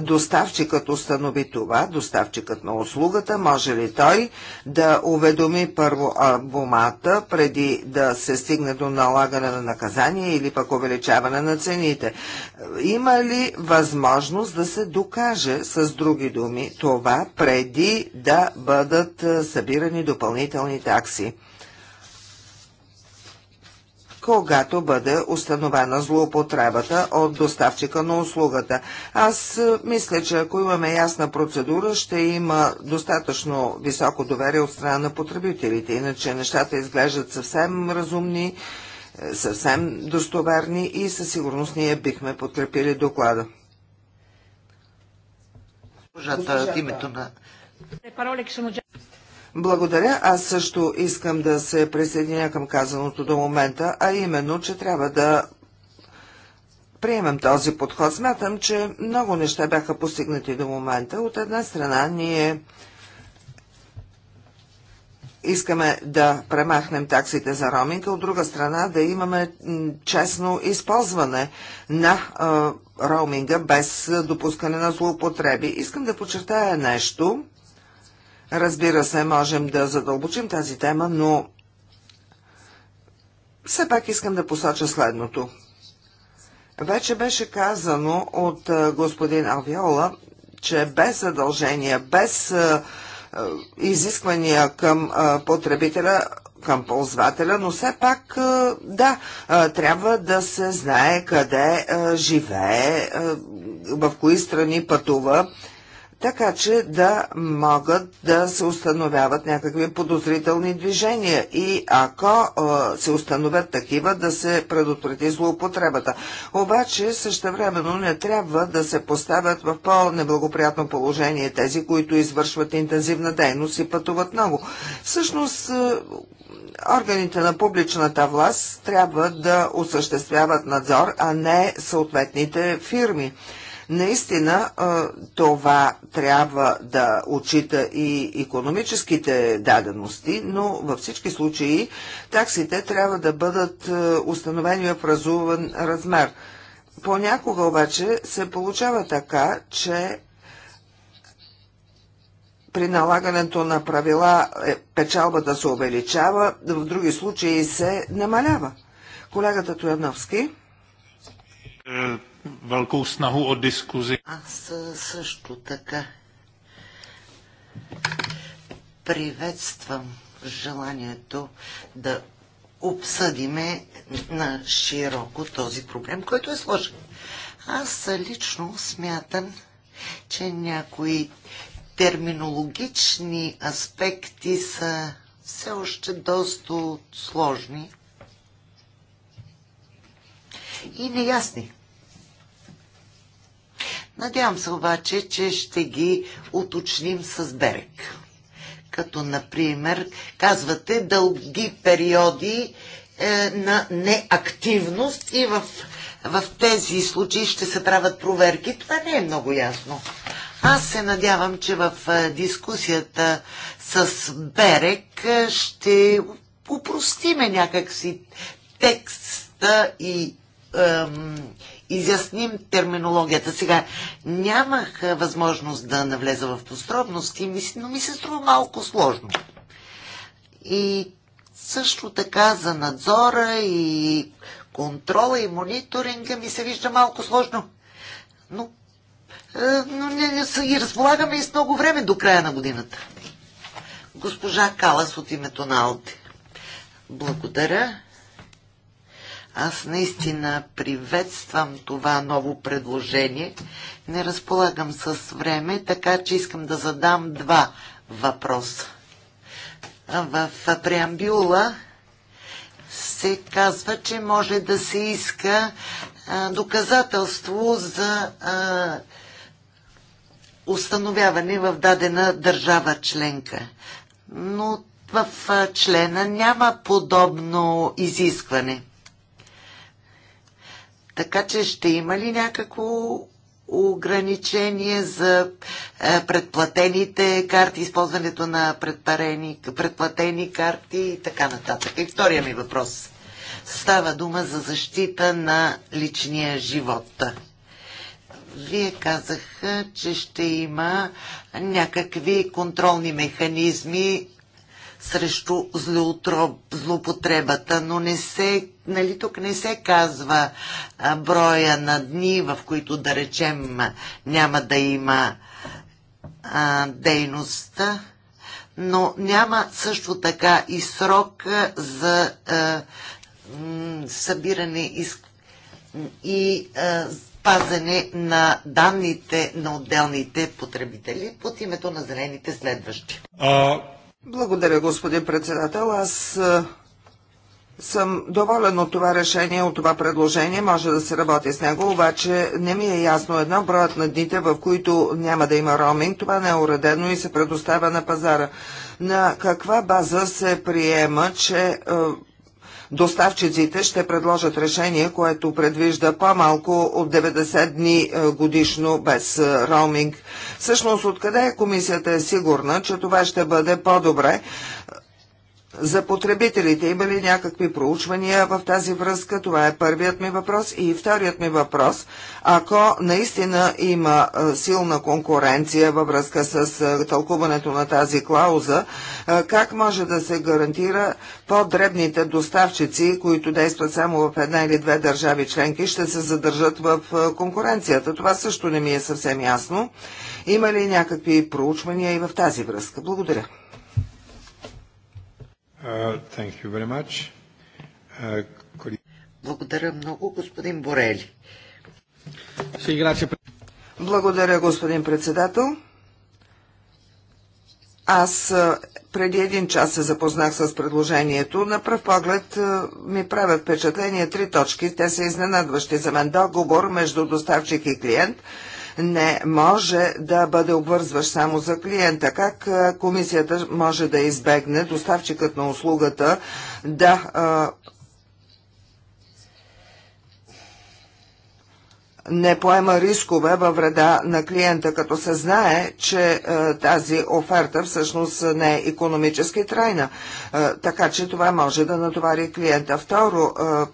доставчикът установи това, доставчикът на услугата, може ли той да уведоми първо абомата преди да се стигне до налагане на наказание или пък увеличаване на цените? Има ли възможност да се докаже с други думи това преди да бъдат събирани допълнителни такси? когато бъде установена злоупотребата от доставчика на услугата. Аз е, мисля, че ако имаме ясна процедура, ще има достатъчно високо доверие от страна на потребителите. Иначе нещата изглеждат съвсем разумни, е, съвсем достоверни и със сигурност ние бихме подкрепили доклада. Госпожата, от името на... Благодаря. Аз също искам да се присъединя към казаното до момента, а именно, че трябва да приемем този подход. Смятам, че много неща бяха постигнати до момента. От една страна ние искаме да премахнем таксите за роминг, от друга страна да имаме честно използване на роуминга без допускане на злоупотреби. Искам да подчертая нещо Разбира се, можем да задълбочим тази тема, но все пак искам да посоча следното. Вече беше казано от господин Авиола, че без задължения, без изисквания към потребителя, към ползвателя, но все пак, да, трябва да се знае къде живее, в кои страни пътува така че да могат да се установяват някакви подозрителни движения и ако е, се установят такива, да се предотврати злоупотребата. Обаче същевременно не трябва да се поставят в по-неблагоприятно положение тези, които извършват интензивна дейност и пътуват много. Всъщност, органите на публичната власт трябва да осъществяват надзор, а не съответните фирми. Наистина това трябва да отчита и економическите дадености, но във всички случаи таксите трябва да бъдат установени в разумен размер. Понякога обаче се получава така, че при налагането на правила е, печалбата се увеличава, в други случаи се намалява. Колегата Туяновски, е, velkou snahu o diskuzi. Аз също така приветствам желанието да обсъдиме на широко този проблем, който е сложен. Аз лично смятам, че някои терминологични аспекти са все още доста сложни и неясни. Надявам се обаче, че ще ги уточним с Берек. Като, например, казвате дълги периоди е, на неактивност и в, в тези случаи ще се правят проверки. Това не е много ясно. Аз се надявам, че в е, дискусията с Берек е, ще упростиме някакси текста и, ем, изясним терминологията. Сега нямах възможност да навлеза в подробности, но ми се струва малко сложно. И също така за надзора и контрола и мониторинга ми се вижда малко сложно. Но, но не, не са и разполагаме и с много време до края на годината. Госпожа Калас от името на Алти. Благодаря. Аз наистина приветствам това ново предложение. Не разполагам с време, така че искам да задам два въпроса. В преамбюла се казва, че може да се иска доказателство за установяване в дадена държава членка. Но в члена няма подобно изискване. Така че ще има ли някакво ограничение за е, предплатените карти, използването на предплатени карти и така нататък. И втория ми въпрос. Става дума за защита на личния живот. Вие казаха, че ще има някакви контролни механизми срещу злоутро... злопотребата, но не се, нали, тук не се казва а, броя на дни, в които да речем няма да има а, дейността, но няма също така и срок за а, м, събиране и, и а, пазене на данните на отделните потребители под името на зелените следващи. А, благодаря, господин председател. Аз е, съм доволен от това решение, от това предложение, може да се работи с него, обаче не ми е ясно едно броят на дните, в които няма да има роуминг, това не е уредено и се предоставя на пазара. На каква база се приема, че е, доставчиците ще предложат решение, което предвижда по-малко от 90 дни е, годишно без е, роуминг. Всъщност, откъде комисията е сигурна, че това ще бъде по-добре? за потребителите. Има ли някакви проучвания в тази връзка? Това е първият ми въпрос. И вторият ми въпрос. Ако наистина има силна конкуренция във връзка с тълкуването на тази клауза, как може да се гарантира по-дребните доставчици, които действат само в една или две държави членки, ще се задържат в конкуренцията? Това също не ми е съвсем ясно. Има ли някакви проучвания и в тази връзка? Благодаря. Uh, uh, Благодаря много, господин Борели. Благодаря, господин председател. Аз преди един час се запознах с предложението. На пръв поглед ми правят впечатление три точки. Те са изненадващи за мен. Договор между доставчик и клиент – не може да бъде обвързващ само за клиента. Как комисията може да избегне доставчикът на услугата да не поема рискове във вреда на клиента, като се знае, че тази оферта всъщност не е економически трайна. така че това може да натовари клиента. Второ, е,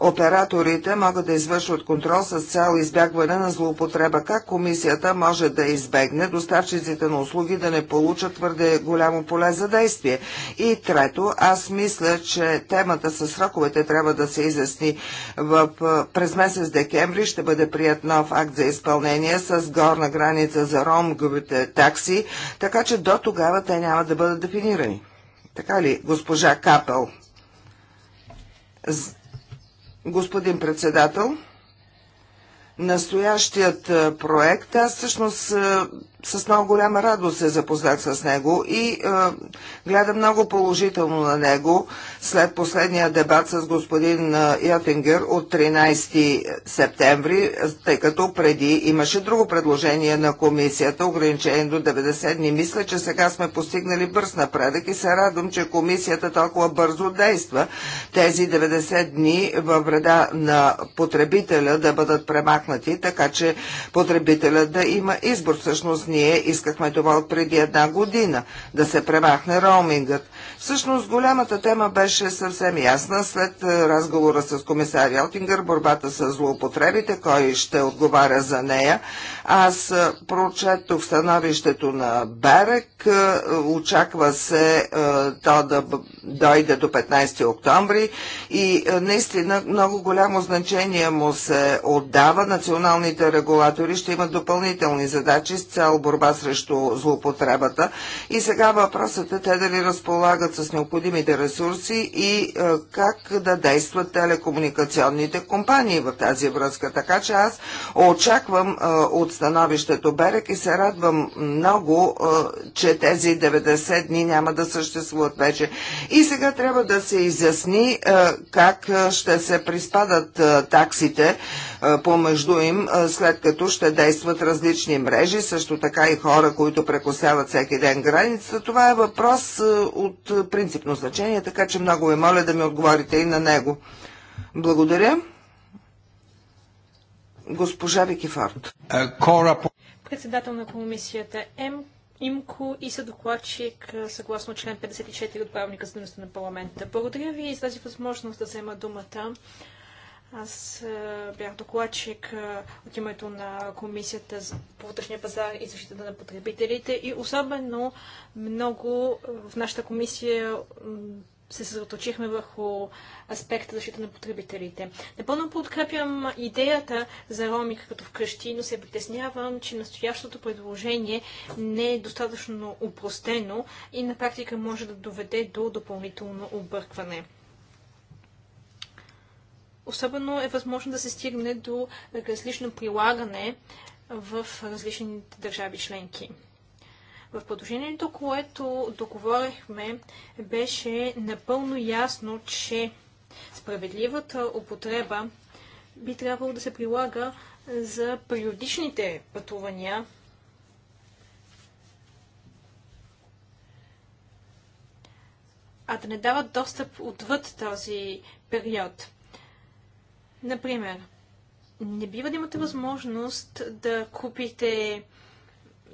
операторите могат да извършват контрол с цел избягване на злоупотреба. Как комисията може да избегне доставчиците на услуги да не получат твърде голямо поле за действие? И трето, аз мисля, че темата с сроковете трябва да се изясни. В, през месец декември ще бъде прият нов акт за изпълнение с горна граница за ромговите такси, така че до тогава те няма да бъдат дефинирани. Така ли, госпожа Капел? Господин председател, настоящият проект, аз всъщност с много голяма радост се запознах с него и е, гледам много положително на него след последния дебат с господин Йотингер от 13 септември, тъй като преди имаше друго предложение на комисията, ограничение до 90 дни. Мисля, че сега сме постигнали бърз напредък и се радвам, че комисията толкова бързо действа тези 90 дни във вреда на потребителя да бъдат премахнати, така че потребителя да има избор. Всъщност ние искахме това от преди една година, да се премахне роумингът. Всъщност голямата тема беше съвсем ясна след е, разговора с комисар Елтингър, борбата с злоупотребите, кой ще отговаря за нея. Аз е, прочетох становището на Берек, е, очаква се то да дойде до 15 октомври и наистина много голямо значение му се отдава. Националните регулатори ще имат допълнителни задачи с цел борба срещу злоупотребата. И сега въпросът е те дали разполагат с необходимите ресурси и е, как да действат телекомуникационните компании в тази връзка. Така че аз очаквам е, от становището Берек и се радвам много, е, че тези 90 дни няма да съществуват вече. И сега трябва да се изясни как ще се приспадат таксите помежду им, след като ще действат различни мрежи, също така и хора, които прекосяват всеки ден границата. Това е въпрос от принципно значение, така че много ви моля да ми отговорите и на него. Благодаря. Госпожа Викифорд. Е, Председател на комисията М. Имко и съдокладчик е, съгласно член 54 от правилника за дъността на парламента. Благодаря ви за тази възможност да взема думата. Аз е, бях докладчик е, от името на Комисията по вътрешния пазар и защита на потребителите и особено много в нашата комисия се съсредоточихме върху аспекта защита на потребителите. Напълно подкрепям идеята за ромик като вкъщи, но се притеснявам, че настоящото предложение не е достатъчно упростено и на практика може да доведе до допълнително объркване особено е възможно да се стигне до различно прилагане в различните държави членки. В продължението, което договорихме, беше напълно ясно, че справедливата употреба би трябвало да се прилага за периодичните пътувания, а да не дават достъп отвъд този период. Например, не бива да имате възможност да купите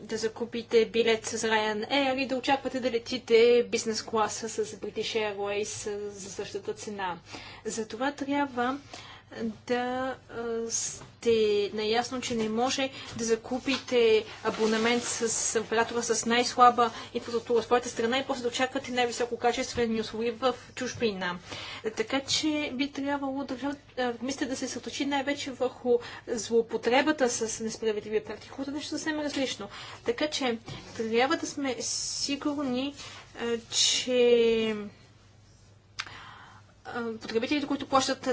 да закупите билет с Ryanair и да очаквате да летите бизнес класа с British Airways за същата цена. Затова трябва да сте наясно, че не може да закупите абонамент с оператора с най-слаба инфраструктура в своята страна и после да очаквате най високо качествени услуги в чужбина. Така че би трябвало да мисля да се съточи най-вече върху злоупотребата с несправедливия практик. което е нещо съвсем различно. Така че трябва да сме сигурни, че потребителите, които плащат,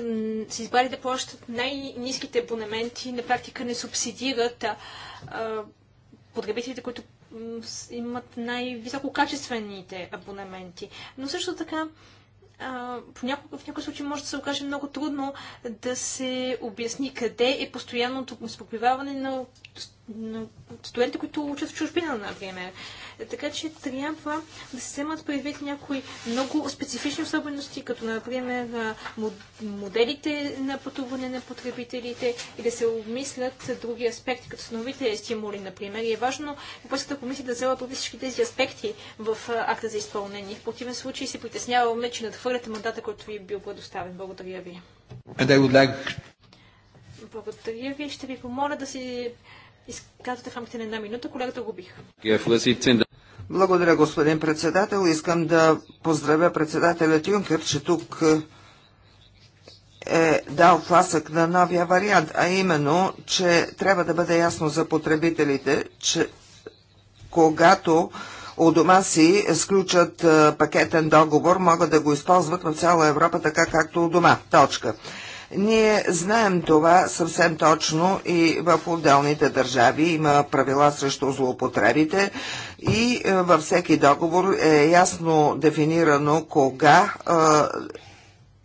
са избрали да плащат най-низките абонементи, на практика не субсидират потребителите, които имат най-висококачествените абонементи. Но също така, понякога, в някои случаи може да се окаже много трудно да се обясни къде е постоянното спокриваване на на студенти, които учат в чужбина, например. Така че трябва да се вземат предвид някои много специфични особености, като например моделите на пътуване на потребителите и да се обмислят други аспекти, като новите стимули, например. И е важно Европейската комисия да взема предвид всички тези аспекти в акта за изпълнение. В противен случай се притесняваме, че надхвърляте мандата, който ви е бил предоставен. Благодаря ви. Благодаря ви. Ще ви помоля да си изказвате в рамките на една минута. Колегата го бих. Благодаря, господин председател. Искам да поздравя председателя Юнкер, че тук е дал фласък на новия вариант, а именно, че трябва да бъде ясно за потребителите, че когато у дома си сключат е, пакетен договор, могат да го използват в цяла Европа така както у дома. Точка. Ние знаем това съвсем точно и в отделните държави има правила срещу злоупотребите и е, във всеки договор е ясно дефинирано кога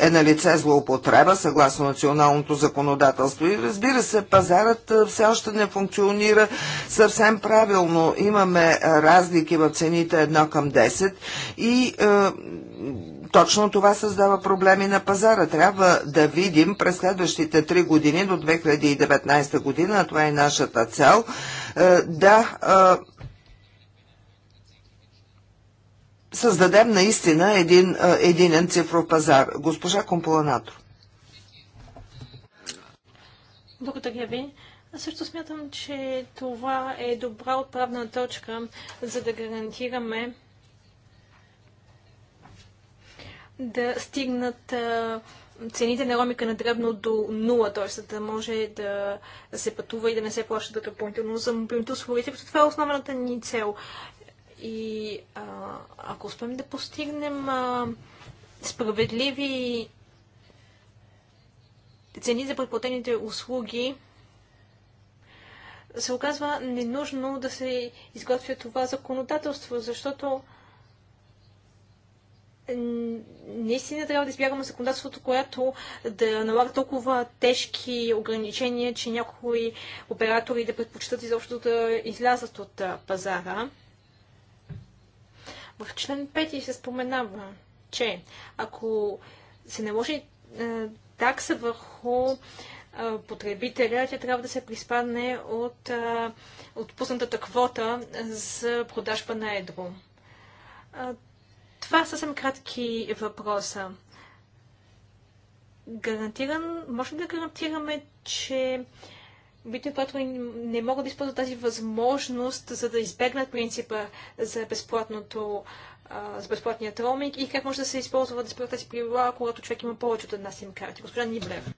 е, е на лице злоупотреба съгласно националното законодателство. И разбира се, пазарът е, все още не функционира съвсем правилно. Имаме разлики в цените 1 към 10 и е, точно това създава проблеми на пазара. Трябва да видим през следващите три години до 2019 година, това е нашата цел, е, да е, създадем наистина един е, единен цифров пазар. Госпожа Комполанато. Благодаря ви. Аз също смятам, че това е добра отправна точка, за да гарантираме да стигнат цените на ромика на дребно до нула, т.е. да може да се пътува и да не се плаща допълнително за мобилните услуги, защото това е основната ни цел. И а, ако успеем да постигнем а, справедливи цени за предплатените услуги, се оказва ненужно да се изготвя това законодателство, защото наистина трябва да избягаме законодателството, което да налага толкова тежки ограничения, че някои оператори да предпочитат изобщо да излязат от пазара. В член 5 се споменава, че ако се наложи такса върху потребителя, тя трябва да се приспадне от отпуснатата квота за продажба на едро това са съвсем кратки въпроса. Гарантиран, може ли да гарантираме, че битови платформи не могат да използват тази възможност, за да избегнат принципа за безплатното а, безплатния роуминг и как може да се използва да тези правила, когато човек има повече от една сим карта. Госпожа Ниблев.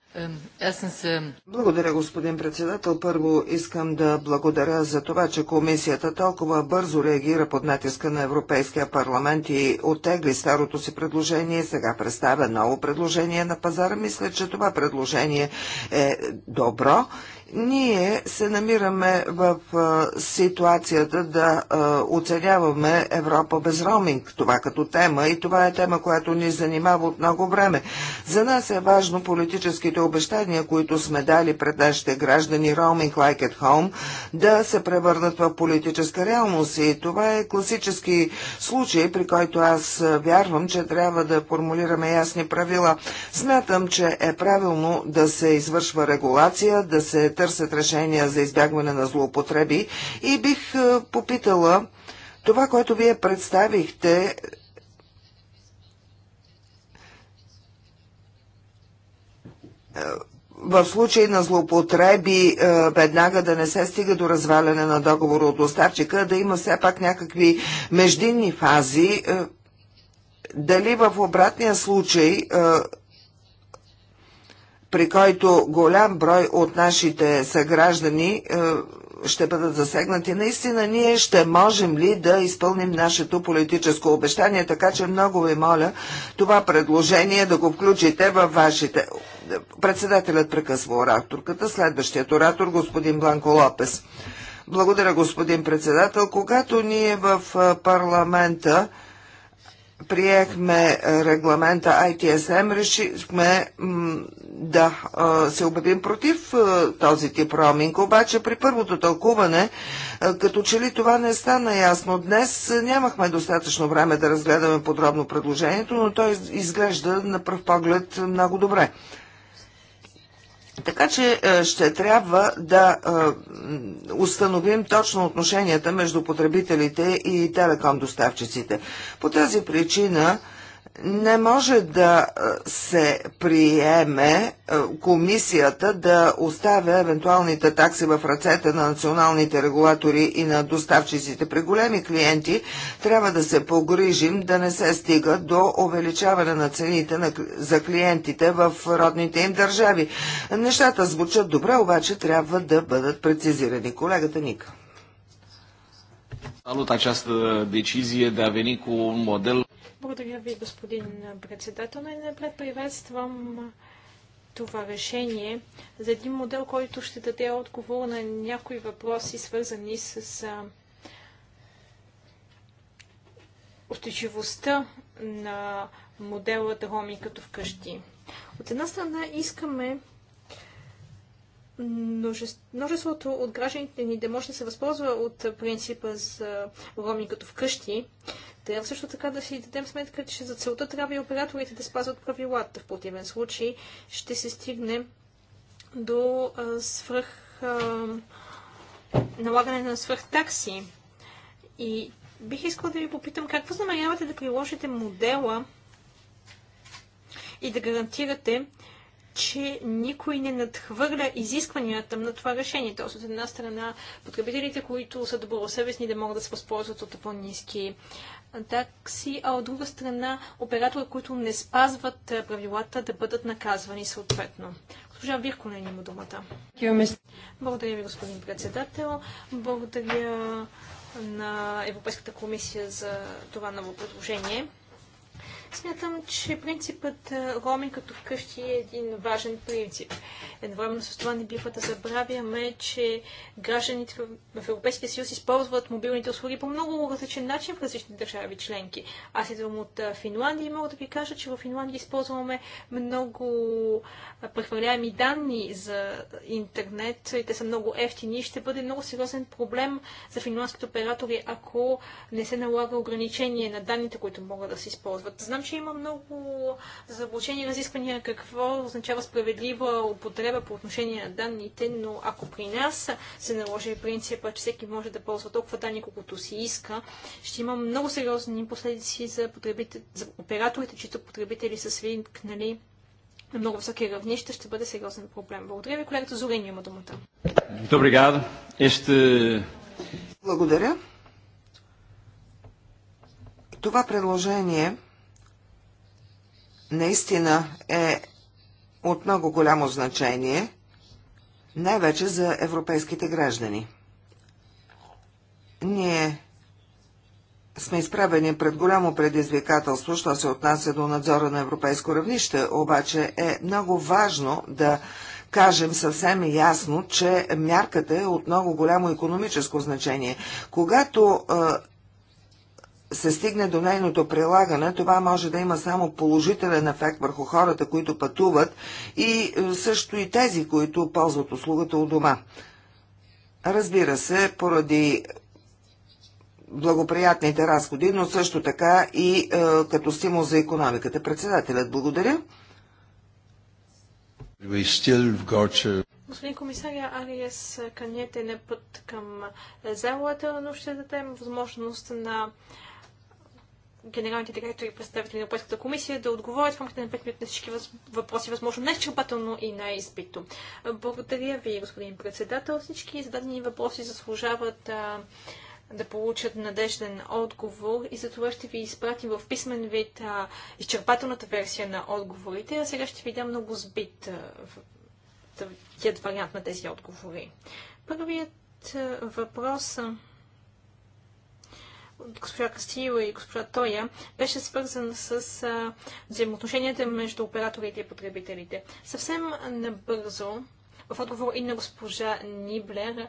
Благодаря, господин председател. Първо искам да благодаря за това, че комисията толкова бързо реагира под натиска на Европейския парламент и оттегли старото си предложение. Сега представя ново предложение на пазара. Мисля, че това предложение е добро ние се намираме в ситуацията да оценяваме Европа без роминг, това като тема и това е тема, която ни занимава от много време. За нас е важно политическите обещания, които сме дали пред нашите граждани роминг Like at Home, да се превърнат в политическа реалност и това е класически случай, при който аз вярвам, че трябва да формулираме ясни правила. Смятам, че е правилно да се извършва регулация, да се търсят решения за избягване на злоупотреби и бих е, попитала това, което вие представихте е, в случай на злоупотреби е, веднага да не се стига до разваляне на договора от доставчика, да има все пак някакви междинни фази. Дали в обратния случай при който голям брой от нашите съграждани е, ще бъдат засегнати. Наистина ние ще можем ли да изпълним нашето политическо обещание, така че много ви моля това предложение да го включите във вашите. Председателят прекъсва ораторката. Следващият оратор, господин Бланко Лопес. Благодаря, господин председател. Когато ние в е, парламента приехме регламента ITSM, решихме да се обявим против този тип роминг. Обаче при първото тълкуване, като че ли това не стана ясно днес, нямахме достатъчно време да разгледаме подробно предложението, но то изглежда на пръв поглед много добре. Така че е, ще трябва да е, установим точно отношенията между потребителите и телеком доставчиците. По тази причина не може да се приеме комисията да оставя евентуалните такси в ръцете на националните регулатори и на доставчиците. При големи клиенти трябва да се погрижим да не се стига до увеличаване на цените за клиентите в родните им държави. Нещата звучат добре, обаче трябва да бъдат прецизирани. Колегата Ника. Салут, această decizie de a veni cu un model благодаря ви, господин председател. Най-напред приветствам това решение за един модел, който ще даде отговор на някои въпроси, свързани с устойчивостта на модела Роми като вкъщи. От една страна искаме множеството от гражданите ни да може да се възползва от принципа за Роми като вкъщи, трябва също така да си дадем сметка, че за целта трябва и операторите да спазват правилата. В противен случай ще се стигне до а, свръх а, налагане на свръхтакси. И бих искала да ви попитам как възнамерявате да приложите модела и да гарантирате, че никой не надхвърля изискванията на това решение. Тоест, от една страна, потребителите, които са добросъвестни, да могат да се възползват от по-низки такси, а от друга страна оператори, които не спазват е, правилата, да бъдат наказвани съответно. Госпожа Вирконен има думата. Благодаря ви, господин председател. Благодаря на Европейската комисия за това ново предложение. Смятам, че принципът е, роми като вкъщи е един важен принцип. Едновременно с това не бива да забравяме, че гражданите в Европейския съюз използват мобилните услуги по много различен начин в различни държави членки. Аз идвам от е, Финландия и мога да ви кажа, че в Финландия използваме много е, прехвърляеми данни за интернет и те са много ефтини. Ще бъде много сериозен проблем за финландските оператори, ако не се налага ограничение на данните, които могат да се използват. Знам, Знам, че има много заблучени разисквания какво означава справедлива употреба по отношение на данните, но ако при нас се наложи принципа, че всеки може да ползва толкова данни, колкото си иска, ще има много сериозни последици за, за операторите, чието потребители са свинкнали на много високи равнища, ще бъде сериозен проблем. Благодаря ви, колегата Зорин има думата. Добре, гад. Ще... Благодаря. Това предложение наистина е от много голямо значение, най-вече за европейските граждани. Ние сме изправени пред голямо предизвикателство, що се отнася до надзора на европейско равнище, обаче е много важно да кажем съвсем ясно, че мярката е от много голямо економическо значение. Когато се стигне до нейното прилагане, това може да има само положителен ефект върху хората, които пътуват и е, също и тези, които ползват услугата у дома. Разбира се, поради благоприятните разходи, но също така и е, като стимул за економиката. Председателят, благодаря. Господин комисаря е с кънете не път към залата, но ще дадем възможност на генералните директори и представители на Европейската комисия да отговорят в рамките на 5 минути на всички въпроси, възможно най-изчерпателно и най-избито. Благодаря ви, господин председател. Всички зададени въпроси заслужават а, да получат надежден отговор и за това ще ви изпратим в писмен вид а, изчерпателната версия на отговорите, а сега ще ви дам много сбит а, вариант на тези отговори. Първият а, въпрос а, госпожа Кастила и госпожа Тоя, беше свързан с а, взаимоотношенията между операторите и потребителите. Съвсем набързо, в отговор и на госпожа Ниблер,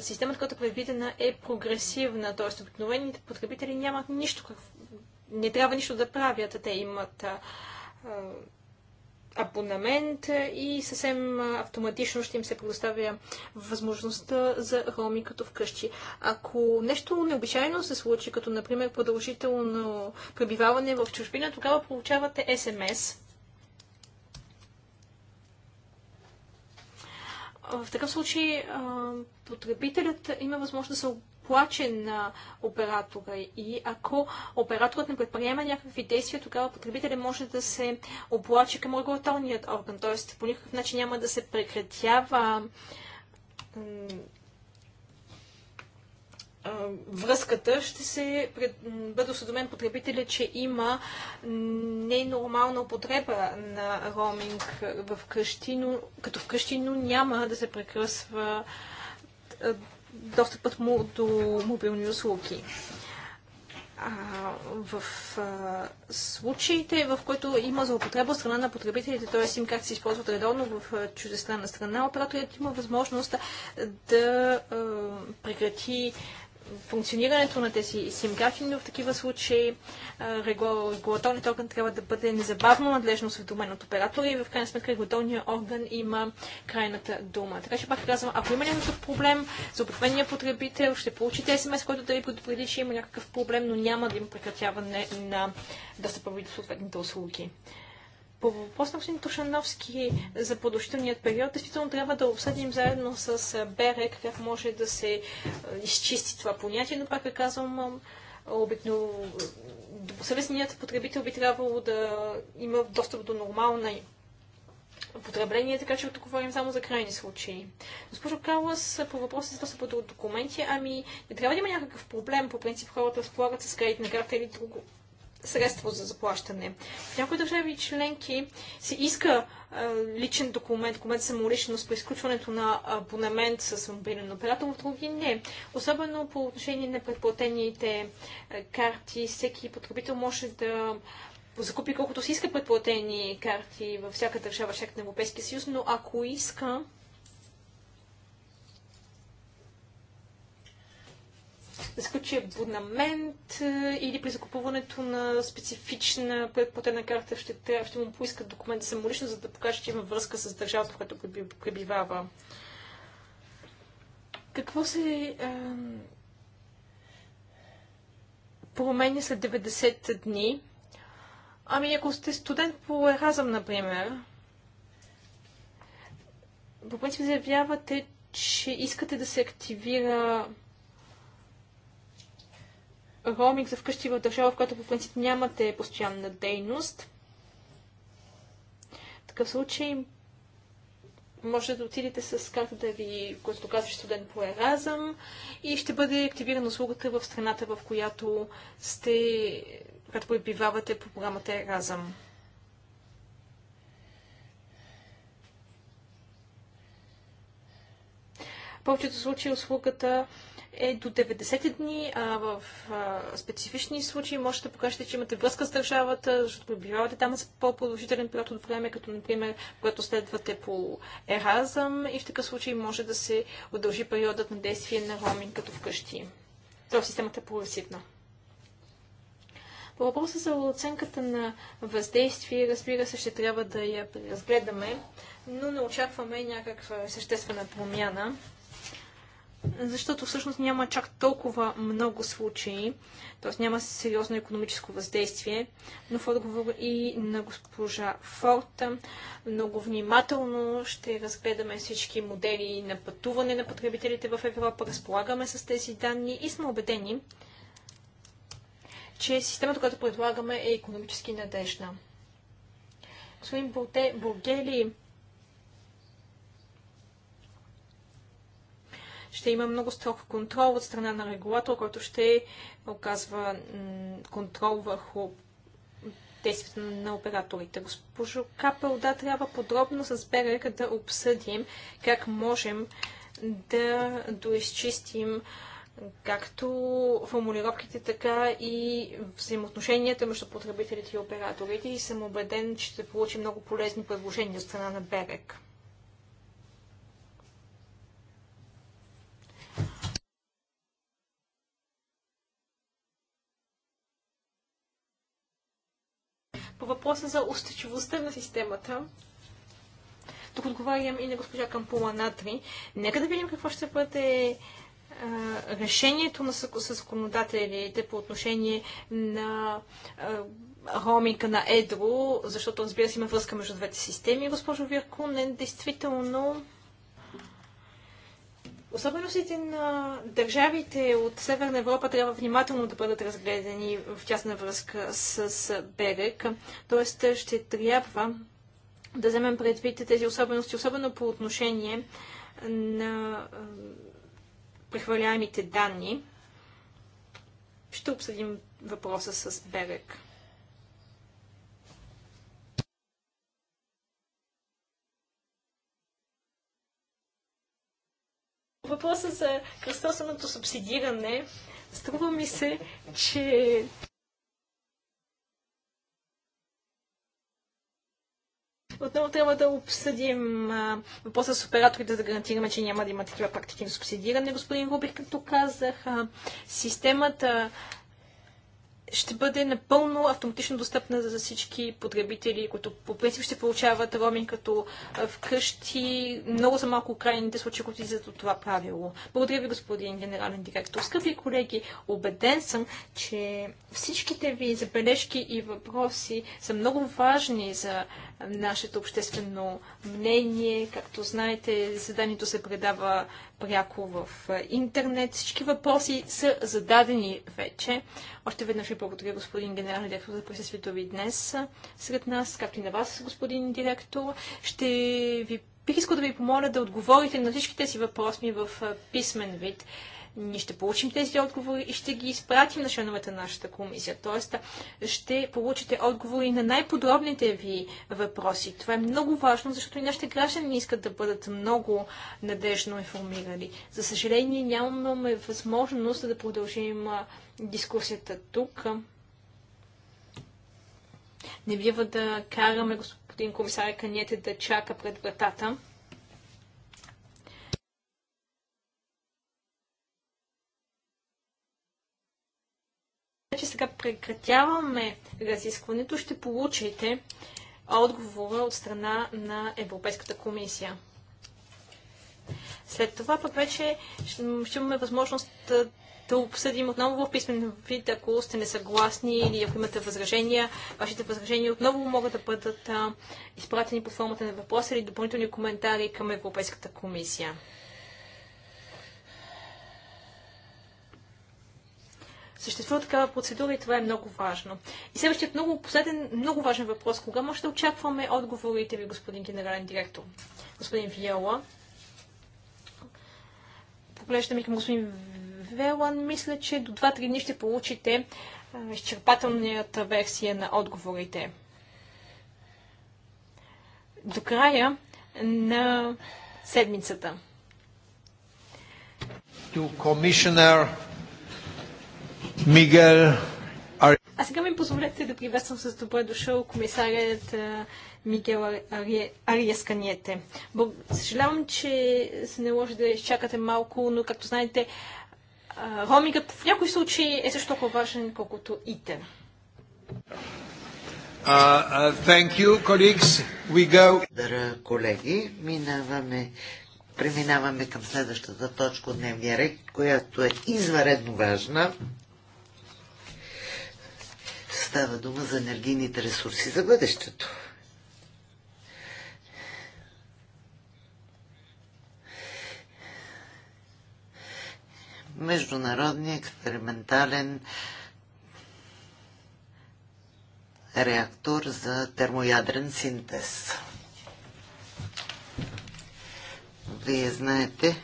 системата, която е предвидена, е прогресивна, т.е. обикновените потребители нямат нищо, не трябва нищо да правят. Те имат а, абонамент и съвсем автоматично ще им се предоставя възможността за роми като вкъщи. Ако нещо необичайно се случи, като например продължително пребиваване в чужбина, тогава получавате СМС. В такъв случай потребителят има възможност да се плаче на оператора и ако операторът не предприема някакви действия, тогава потребителят може да се оплаче към регулаторният орган. Т.е. по никакъв начин няма да се прекратява връзката, ще се пред... бъде осъдомен потребителя, че има ненормална употреба на роуминг в къщи, но, като вкъщи, но няма да се прекръсва достъпът му до мобилни услуги. А, в а, случаите, в които има злоупотреба страна на потребителите, т.е. им как се използват редовно в чуждестранна страна, операторът има възможност да а, прекрати функционирането на тези симграфи, но в такива случаи регулаторният орган трябва да бъде незабавно надлежно осведомен от оператора и в крайна сметка регулаторният орган има крайната дума. Така че пак казвам, ако има някакъв проблем за обикновения потребител, ще получите смс, който да ви предупреди, че има някакъв проблем, но няма да има прекратяване на достъпа ви до съответните услуги. По въпрос на господин Тушановски за продължителният период, действително трябва да обсъдим заедно с Берек как може да се изчисти това понятие, но пак казвам, обикновено съвестният потребител би трябвало да има достъп до нормална потребление, така че тук говорим само за крайни случаи. Госпожо Калас, по въпроса за достъп до документи, ами не трябва да има някакъв проблем. По принцип хората разполагат с кредитна карта или друго, средство за заплащане. В някои държави членки се иска а, личен документ, документ самоличност при изключването на абонамент с мобилен оператор, в други не. Особено по отношение на предплатените а, карти, всеки потребител може да закупи колкото си иска предплатени карти във всяка държава, всяка на Европейския съюз, но ако иска, да включи абонамент е, или при закупуването на специфична предплатена карта ще, трябва, ще му поискат документ самолично, за да покаже, че има връзка с държавата, в която пребивава. Какво се а, променя след 90 дни? Ами, ако сте студент по Еразъм, например, по принцип заявявате, че искате да се активира роуминг за вкъщи в държава, в която по принцип нямате постоянна дейност. В такъв случай може да отидете с картата ви, която че студент по Еразъм и ще бъде активирана услугата в страната, в която сте, когато пребивавате по програмата Еразъм. В повечето случаи услугата е до 90 дни, а в а, специфични случаи можете да покажете, че имате връзка с държавата, защото пребивавате там за по-продължителен период от време, като например, когато следвате по Еразъм и в такъв случай може да се удължи периодът на действие на роминг като вкъщи. То системата е прогресивна. По въпроса за оценката на въздействие, разбира се, ще трябва да я преразгледаме, но не очакваме някаква съществена промяна защото всъщност няма чак толкова много случаи, т.е. няма сериозно економическо въздействие, но в отговор и на госпожа Форта много внимателно ще разгледаме всички модели на пътуване на потребителите в Европа, разполагаме с тези данни и сме убедени, че системата, която предлагаме е економически надежна. Господин Бургели, ще има много строг контрол от страна на регулатор, който ще оказва контрол върху действията на операторите. Госпожо Капел, да, трябва подробно с БРК да обсъдим как можем да доизчистим както формулировките, така и взаимоотношенията между потребителите и операторите и съм убеден, че ще получи много полезни предложения от страна на БЕРЕК. въпроса за устойчивостта на системата. Тук отговарям и на госпожа Кампула Натри. Нека да видим какво ще бъде решението на законодателите по отношение на роуминга на Едро, защото разбира се има връзка между двете системи. Госпожо Виркунен, действително Особеностите на държавите от Северна Европа трябва внимателно да бъдат разгледани в тясна връзка с берег. Тоест ще трябва да вземем предвид тези особености, особено по отношение на прехвърляемите данни. Ще обсъдим въпроса с берег. въпроса за кръстосаното субсидиране, струва ми се, че отново трябва да обсъдим въпроса с операторите, да гарантираме, че няма да има такива практики на субсидиране. Господин Рубих, като казах, системата ще бъде напълно автоматично достъпна за всички потребители, които по принцип ще получават роуминг като вкъщи. Много за малко крайните случаи, които излизат от това правило. Благодаря ви, господин генерален директор. Скъпи колеги, убеден съм, че всичките ви забележки и въпроси са много важни за нашето обществено мнение. Както знаете, заседанието се предава пряко в интернет. Всички въпроси са зададени вече. Още веднъж ви благодаря, господин генерален директор, за присъствието ви днес сред нас, както и на вас, господин директор. Ще ви бих искал да ви помоля да отговорите на всичките си въпроси в писмен вид. Ние ще получим тези отговори и ще ги изпратим на членовете на нашата комисия. Тоест, ще получите отговори на най-подробните ви въпроси. Това е много важно, защото и нашите граждани искат да бъдат много надежно информирани. За съжаление, нямаме възможност да продължим дискусията тук. Не бива да караме господин комисаря Каниете да чака пред вратата. че сега прекратяваме разискването, ще получите отговора от страна на Европейската комисия. След това пък вече ще имаме възможност да, обсъдим отново в писмен вид, ако сте несъгласни или ако имате възражения. Вашите възражения отново могат да бъдат изпратени под формата на въпроса или допълнителни коментари към Европейската комисия. съществува такава процедура и това е много важно. И следващият много последен, много важен въпрос. Кога може да очакваме отговорите ви, господин генерален директор? Господин Виола. Поглеждаме към господин Велан. Мисля, че до 2-3 дни ще получите изчерпателната версия на отговорите. До края на седмицата. To Commissioner Мигел А сега ми позволете да приветствам с добре дошъл комисарят Мигел Ариес Каниете. Съжалявам, че се не може да изчакате малко, но както знаете, ромикът в някои случаи е също толкова важен, колкото ИТЕР. Uh, uh, Благодаря, колеги. Минаваме, преминаваме към следващата точка от дневния ред, която е изваредно важна става дума за енергийните ресурси за бъдещето. Международния експериментален реактор за термоядрен синтез. Вие знаете,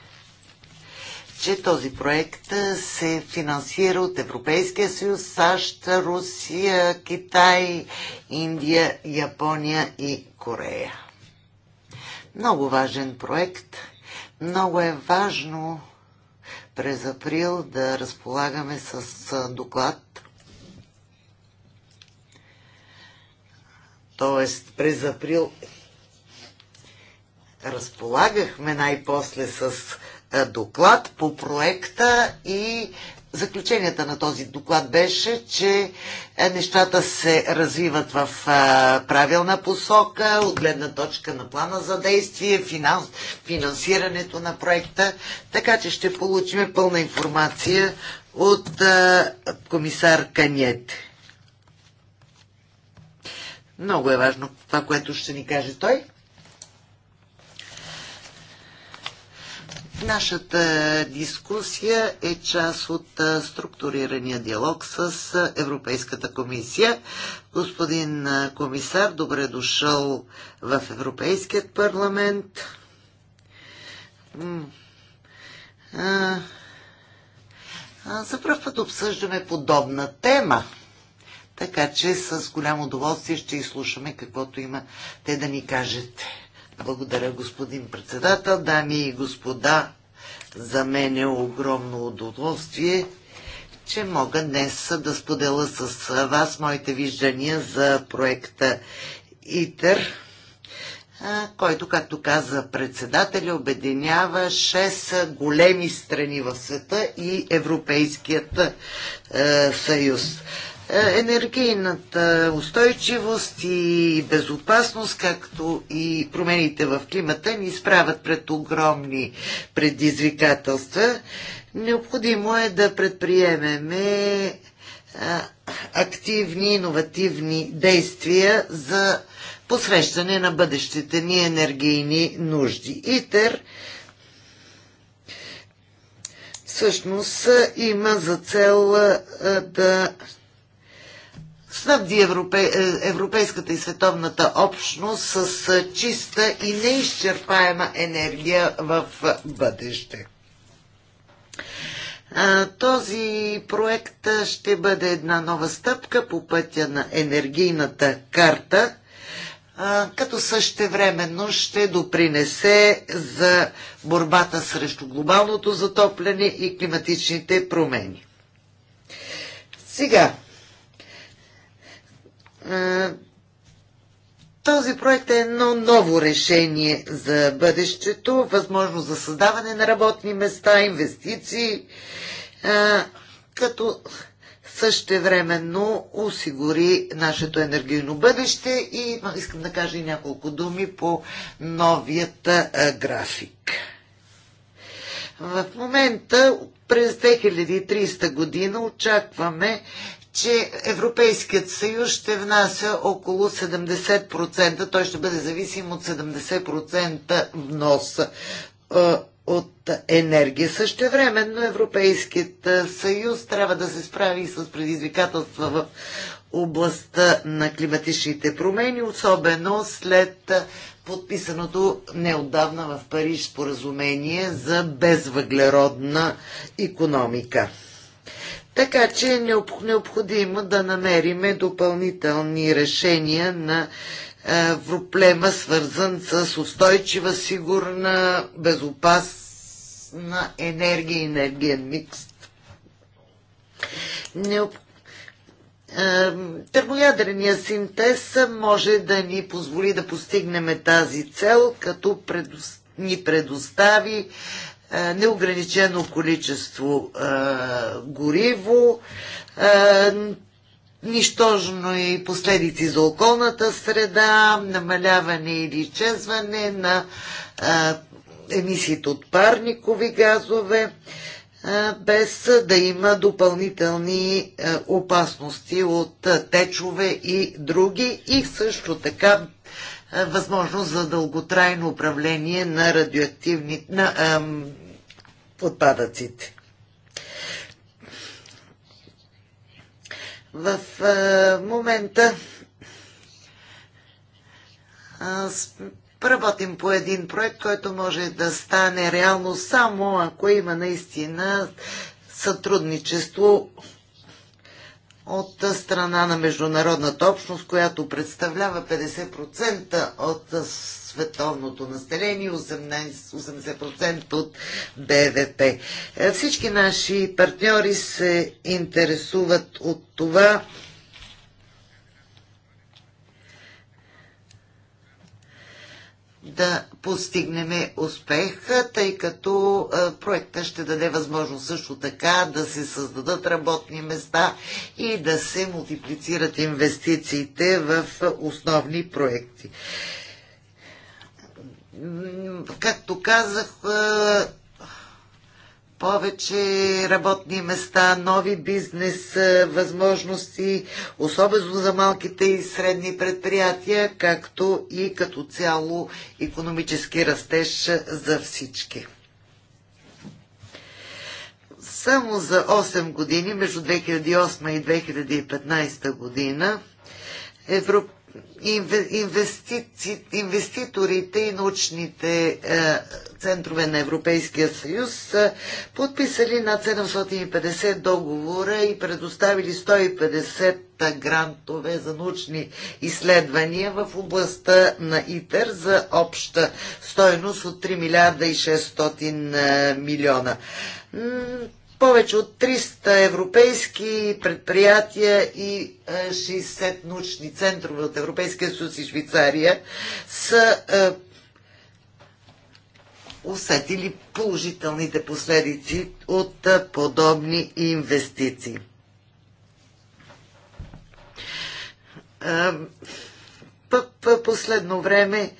че този проект се финансира от Европейския съюз, САЩ, Русия, Китай, Индия, Япония и Корея. Много важен проект. Много е важно през април да разполагаме с доклад. Тоест през април разполагахме най-после с е, доклад по проекта и заключенията на този доклад беше, че е, нещата се развиват в е, правилна посока, от гледна точка на плана за действие, финанс, финансирането на проекта, така че ще получим пълна информация от комисар Каньете. Много е важно това, което ще ни каже той. Нашата дискусия е част от структурирания диалог с Европейската комисия. Господин комисар, добре дошъл в Европейският парламент. За първ път обсъждаме подобна тема. Така че с голямо удоволствие ще изслушаме каквото има те да ни кажете. Благодаря, господин председател. Дами и господа, за мен е огромно удоволствие, че мога днес да споделя с вас моите виждания за проекта ИТЕР, който, както каза председателя, обединява 6 големи страни в света и Европейският е, съюз. Е, енергийната устойчивост и безопасност, както и промените в климата ни изправят пред огромни предизвикателства. Необходимо е да предприемеме активни, иновативни действия за посрещане на бъдещите ни енергийни нужди. ИТЕР всъщност има за цел да снабди европе, е, европейската и световната общност с е, чиста и неизчерпаема енергия в е, бъдеще. Този проект ще бъде една нова стъпка по пътя на енергийната карта, като същевременно ще допринесе за борбата срещу глобалното затопляне и климатичните промени. Сега, е, този проект е едно ново решение за бъдещето, възможност за създаване на работни места, инвестиции, е, като същевременно осигури нашето енергийно бъдеще и искам да кажа и няколко думи по новият е, график. В момента през 2030 година очакваме че Европейският съюз ще внася около 70%, той ще бъде зависим от 70% внос от енергия. Същевременно Европейският съюз трябва да се справи с предизвикателства в областта на климатичните промени, особено след подписаното неотдавна в Париж споразумение за безвъглеродна економика. Така че е необходимо да намериме допълнителни решения на проблема, свързан с устойчива, сигурна, безопасна енергия и енергиен микс. Термоядреният синтез може да ни позволи да постигнем тази цел, като ни предостави е, неограничено количество е, гориво, е, нищожно и последици за околната среда, намаляване или изчезване на емисиите от парникови газове, без да има допълнителни опасности от течове и други и също така възможност за дълготрайно управление на радиоактивни, на, отпадъците. В момента работим по един проект, който може да стане реално само ако има наистина сътрудничество от страна на международната общност, която представлява 50% от световното население, 18, 80% от БВП. Е, всички наши партньори се интересуват от това, да постигнем успех, тъй като е, проекта ще даде възможност също така да се създадат работни места и да се мултиплицират инвестициите в основни проекти както казах, е, повече работни места, нови бизнес е, възможности, особено за малките и средни предприятия, както и като цяло економически растеж за всички. Само за 8 години, между 2008 и 2015 година, Европа инвести... инвеститорите и научните е, центрове на Европейския съюз са подписали над 750 договора и предоставили 150 грантове за научни изследвания в областта на ИТЕР за обща стойност от 3 милиарда и 600 е, милиона повече от 300 европейски предприятия и 60 е, научни центрове от Европейския съюз и Швейцария са е, усетили положителните последици от е, подобни инвестиции. В последно време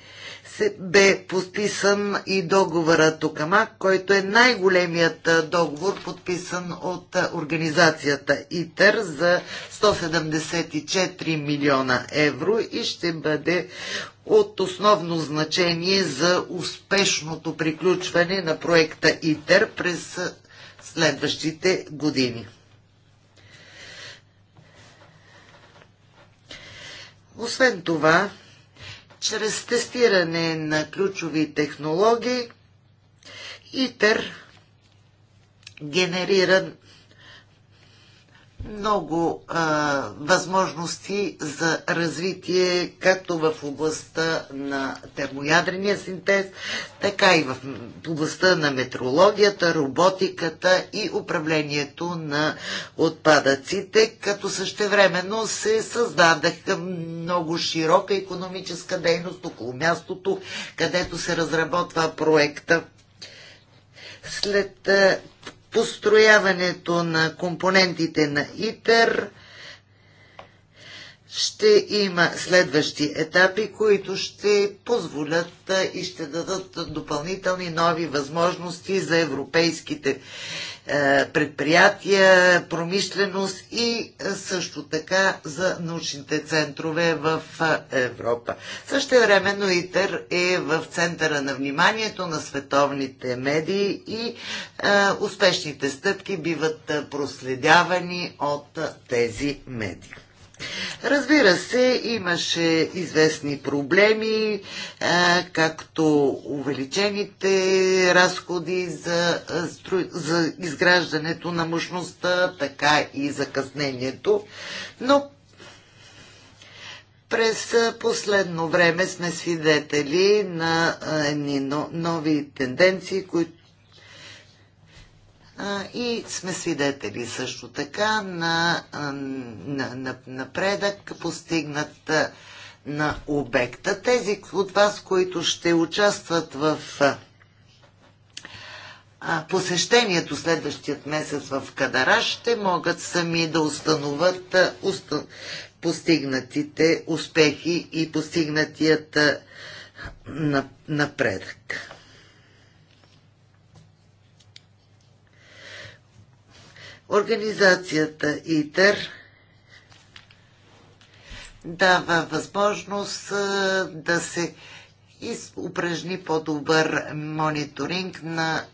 се бе подписан и договора Токамак, който е най-големият договор, подписан от организацията ИТЕР за 174 милиона евро и ще бъде от основно значение за успешното приключване на проекта ИТЕР през следващите години. Освен това, чрез тестиране на ключови технологии ИТЕР генерира много а, възможности за развитие, както в областта на термоядрения синтез, така и в областта на метрологията, роботиката и управлението на отпадъците, като същевременно се създадаха много широка економическа дейност около мястото, където се разработва проекта. След построяването на компонентите на ИТЕР ще има следващи етапи, които ще позволят и ще дадат допълнителни нови възможности за европейските е, предприятия, промишленост и е, също така за научните центрове в е, Европа. Също времено ИТЕР е в центъра на вниманието на световните медии и успешните стъпки биват проследявани от тези медии. Разбира се, имаше известни проблеми, както увеличените разходи за, за изграждането на мощността, така и закъснението, но през последно време сме свидетели на едни нови тенденции, които и сме свидетели също така на, напредък на, на постигнат на обекта. Тези от вас, които ще участват в посещението следващият месец в Кадара, ще могат сами да установят уста, постигнатите успехи и постигнатият напредък. Организацията ИТЕР дава възможност да се упражни по-добър мониторинг на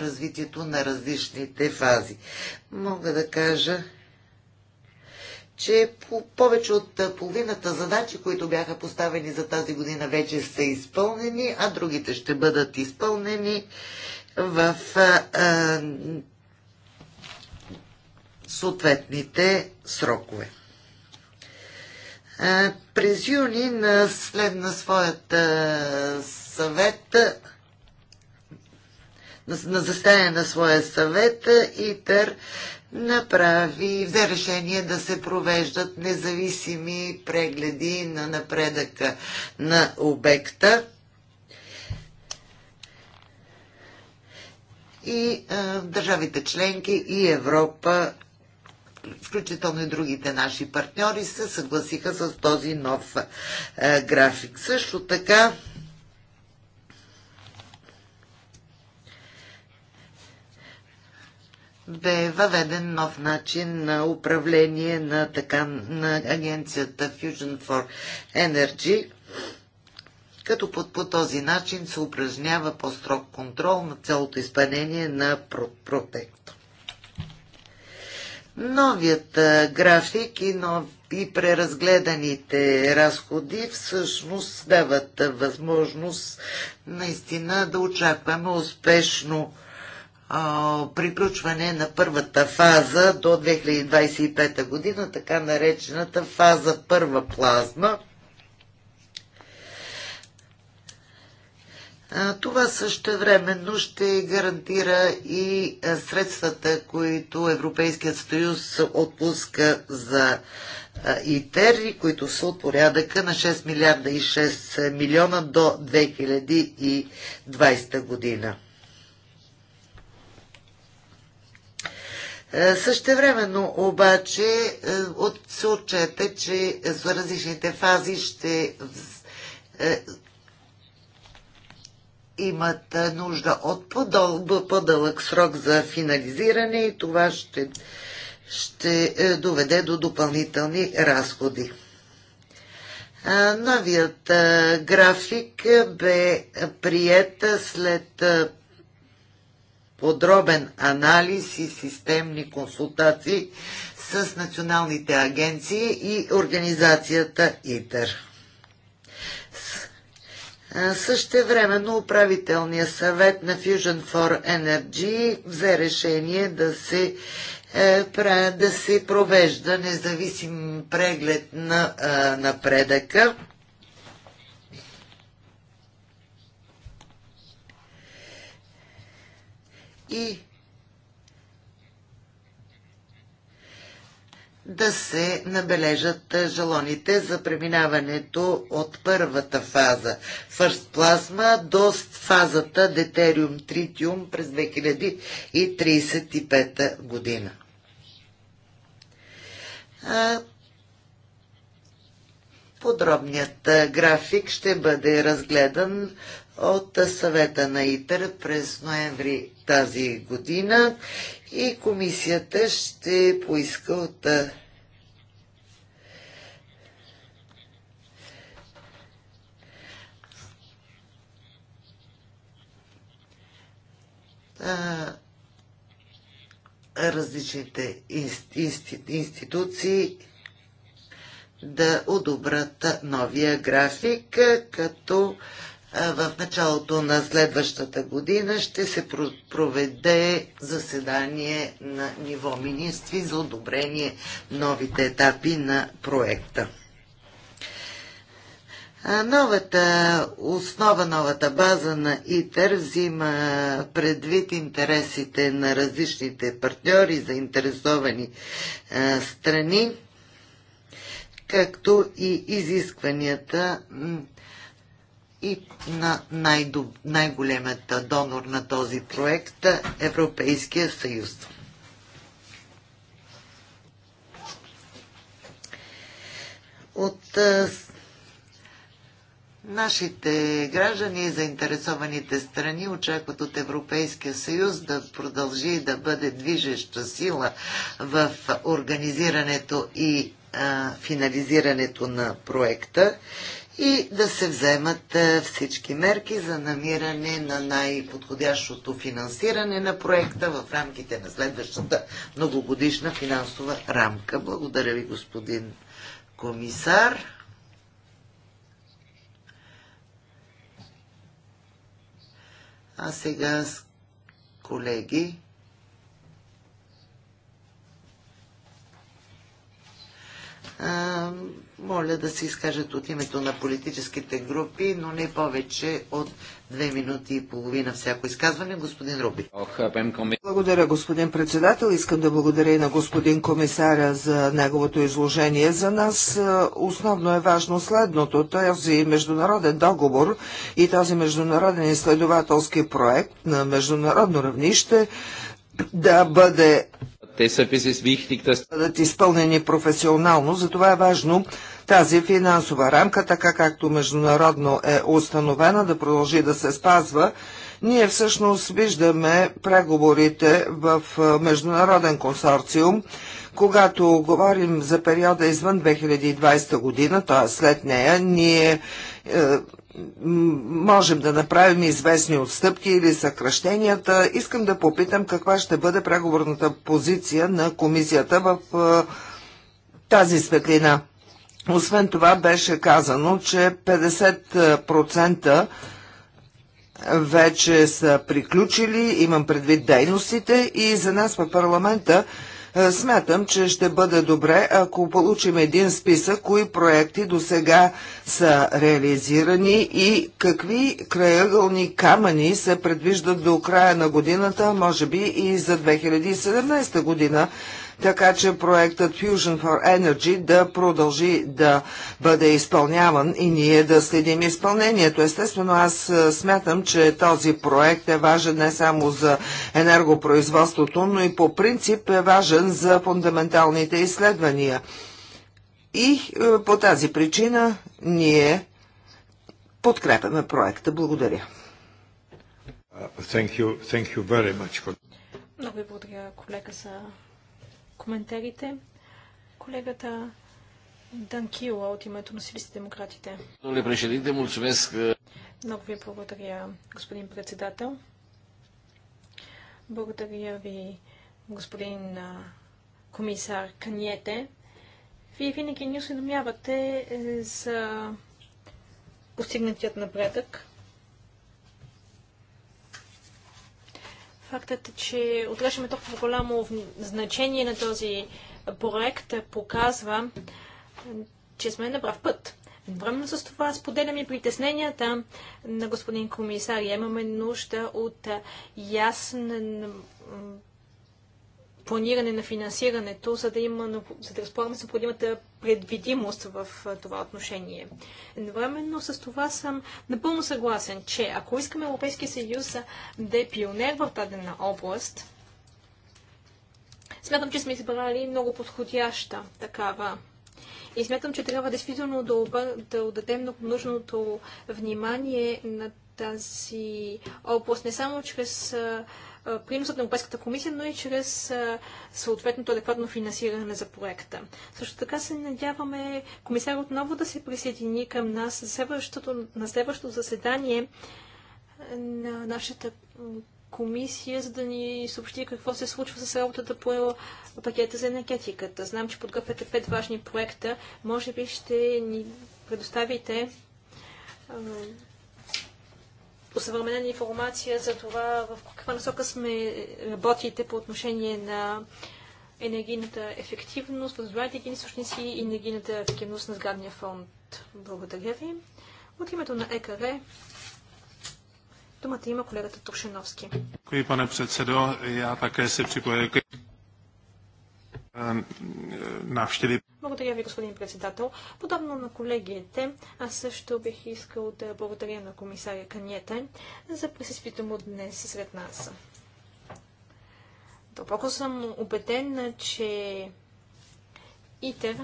развитието на различните фази. Мога да кажа, че по повече от половината задачи, които бяха поставени за тази година, вече са изпълнени, а другите ще бъдат изпълнени в а, а, съответните срокове. През юни на след на своята съвет на заседание на своя съвет ИТЕР направи, взе решение да се провеждат независими прегледи на напредъка на обекта. И а, държавите членки и Европа включително и другите наши партньори, се съгласиха с този нов е, график. Също така бе въведен нов начин на управление на, така, на агенцията Fusion for Energy, като по, по този начин се упражнява по-строг контрол на цялото изпълнение на протекция. Новият график и, нов, и преразгледаните разходи всъщност дават възможност наистина да очакваме успешно а, приключване на първата фаза до 2025 година, така наречената фаза първа плазма – Това също временно ще гарантира и средствата, които Европейският съюз отпуска за ИТЕР и които са от порядъка на 6 милиарда и 6 милиона до 2020 година. Същевременно обаче се отчете, че за различните фази ще имат нужда от по-дълъг срок за финализиране и това ще, ще е, доведе до допълнителни разходи. Новият график бе прият след подробен анализ и системни консултации с националните агенции и организацията ИТЕР. Също времено управителния съвет на Fusion for Energy взе решение да се, е, да се провежда независим преглед на е, напредъка. И да се набележат е, жалоните за преминаването от първата фаза фърст плазма до фазата детериум Tritium през 2035 година. Подробният е, график ще бъде разгледан от съвета на ИТЕР през ноември тази година и комисията ще поиска от различните институции да одобрят новия график, като в началото на следващата година ще се проведе заседание на ниво министри за одобрение новите етапи на проекта. Новата основа, новата база на ИТЕР взима предвид интересите на различните партньори, заинтересовани страни, както и изискванията и на най- най-големата донор на този проект Европейския съюз. От а, нашите граждани и заинтересованите страни очакват от Европейския съюз да продължи да бъде движеща сила в организирането и а, финализирането на проекта и да се вземат е, всички мерки за намиране на най-подходящото финансиране на проекта в рамките на следващата многогодишна финансова рамка. Благодаря ви, господин комисар. А сега, колеги, моля да се изкажат от името на политическите групи, но не повече от две минути и половина всяко изказване. Господин Руби. Благодаря, господин председател. Искам да благодаря и на господин комисаря за неговото изложение. За нас основно е важно следното. Този международен договор и този международен изследователски проект на международно равнище да бъде бъдат изпълнени професионално, затова е важно тази финансова рамка, така както международно е установена, да продължи да се спазва. Ние всъщност виждаме преговорите в международен консорциум, когато говорим за периода извън 2020 година, т.е. след нея, ние е, можем да направим известни отстъпки или съкръщенията. Искам да попитам каква ще бъде преговорната позиция на комисията в тази светлина. Освен това беше казано, че 50% вече са приключили, имам предвид дейностите и за нас в парламента е, смятам, че ще бъде добре, ако получим един списък, кои проекти до сега са реализирани и какви краягълни камъни се предвиждат до края на годината, може би и за 2017 година, така че проектът Fusion for Energy да продължи да бъде изпълняван и ние да следим изпълнението. Естествено, аз е, смятам, че този проект е важен не само за енергопроизводството, но и по принцип е важен за фундаменталните изследвания. И е, по тази причина ние подкрепяме проекта. Благодаря. Thank you, thank you for... Много ви благодаря, колега, за коментарите. Колегата Данкила от името на Силистите демократите. Много ви благодаря, господин председател. Благодаря ви, господин комисар Каниете. Вие винаги ни осведомявате е, за постигнатият напредък. Фактът, е че отреждаме толкова голямо значение на този проект, показва, че сме на прав път. Времено с това споделям и притесненията на господин комисар. Имаме нужда от ясен планиране на финансирането, за да, има, за да разполагаме с необходимата предвидимост в това отношение. Едновременно с това съм напълно съгласен, че ако искаме Европейския съюз да е пионер в дадена област, смятам, че сме избрали много подходяща такава и смятам, че трябва действително да, обър... да отдадем нужното внимание на тази област, не само чрез а, приносът на Европейската комисия, но и чрез съответното адекватно финансиране за проекта. Също така се надяваме комисар отново да се присъедини към нас за следващото, на следващото заседание на нашата комисия, за да ни съобщи какво се случва с работата по пакета за енергетиката. Знам, че подготвяте пет важни проекта. Може би ще ни предоставите осъвременена информация за това в каква насока сме работите по отношение на енергийната ефективност, възобновяемите енергийни източници и енергийната ефективност на сградния фонд. Благодаря ви. От името на ЕКР думата има колегата Туршиновски. Děkuji, пане председател. Я také се е, навщели. Благодаря ви, господин председател. Подобно на колегите, аз също бих искал да благодаря на комисаря Каниета за присъствието му днес сред нас. Дълбоко съм убеден, че ИТЕР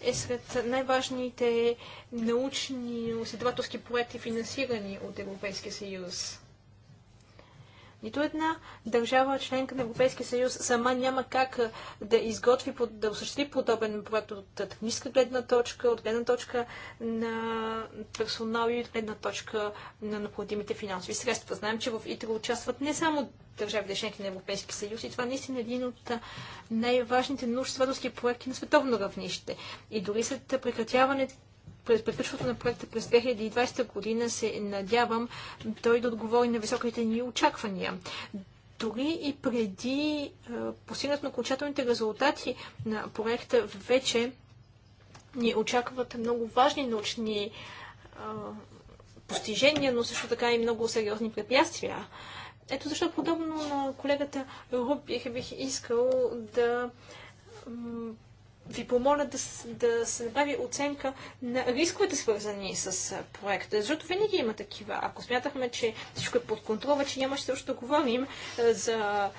е сред най-важните научни изследователски проекти, финансирани от Европейския съюз. Нито една държава, членка на Европейския съюз, сама няма как да изготви, да осъществи подобен проект от техническа гледна точка, от гледна точка на персонал и от гледна точка на необходимите финансови средства. Знаем, че в ИТРА участват не само държавите членки на Европейския съюз и това наистина е един от най-важните научно проекти на световно равнище. И дори след прекратяването през приключването на проекта през 2020 година се надявам той да отговори на високите ни очаквания. Дори и преди постигнат на окончателните резултати на проекта, вече ни очакват много важни научни постижения, но също така и много сериозни препятствия. Ето защо, подобно на колегата Рубих, бих искал да ви помоля да, да се направи оценка на рисковете, свързани с проекта, защото винаги има такива. Ако смятахме, че всичко е под контрол, вече нямаше още да говорим за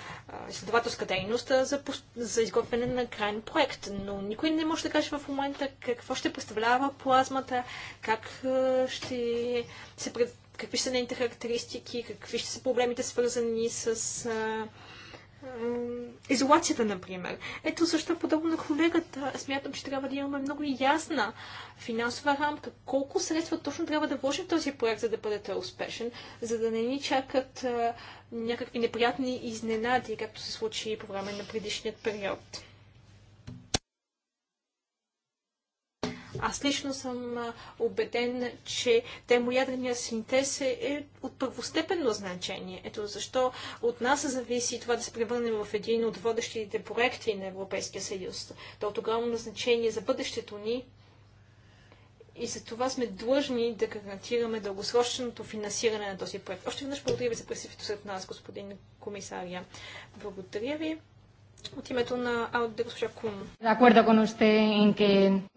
изследователска дейност, за, за изготвяне на крайен проект. Но никой не може да каже в момента какво ще представлява плазмата, как ще се пред... какви ще са нейните характеристики, какви ще са проблемите, свързани с а, изолацията, например. Ето защо, подобно на колегата, смятам, че трябва да имаме много ясна финансова рамка. Колко средства точно трябва да вложим в този проект, за да бъдете успешен, за да не ни чакат а, някакви неприятни изненади, както се случи по време на предишният период. Аз лично съм убеден, че термоядрения синтез е, е от първостепенно значение. Ето защо от нас зависи това да се превърне в един от водещите проекти на Европейския съюз. То от огромно значение за бъдещето ни и за това сме длъжни да гарантираме дългосрочното финансиране на този проект. Още веднъж благодаря ви за присъствието сред нас, господин комисария. Благодаря ви. От името на госпожа Кун.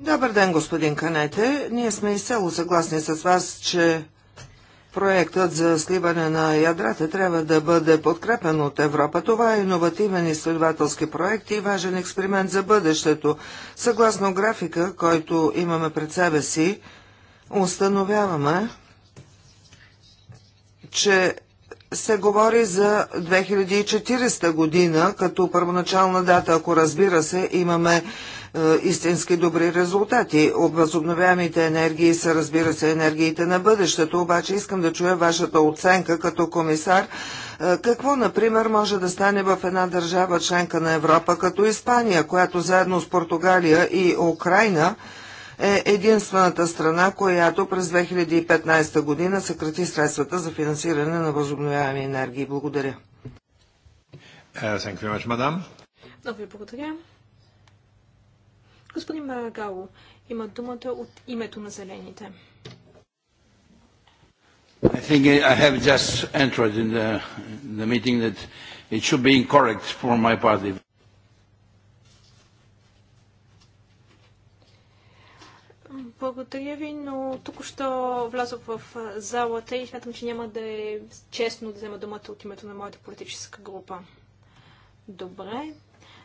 Добър ден, господин Канете. Ние сме изцяло съгласни с вас, че Проектът за сливане на ядрата трябва да бъде подкрепен от Европа. Това е иновативен изследователски проект и важен експеримент за бъдещето. Съгласно графика, който имаме пред себе си, установяваме, че се говори за 2040 година като първоначална дата, ако разбира се, имаме е, истински добри резултати. Възобновяемите енергии са, разбира се, енергиите на бъдещето, обаче искам да чуя вашата оценка като комисар. Е, какво, например, може да стане в една държава членка на Европа като Испания, която заедно с Португалия и Украина – е единствената страна, която през 2015 година съкрати средствата за финансиране на възобновяеми енергии. Благодаря. Uh, Много ви благодаря. Господин Марагало има думата от името на зелените. I think I have just entered in the, in the meeting that it should be incorrect for my party. Благодаря ви, но току-що влязох в залата и смятам, че няма да е честно да взема думата от името на моята политическа група. Добре.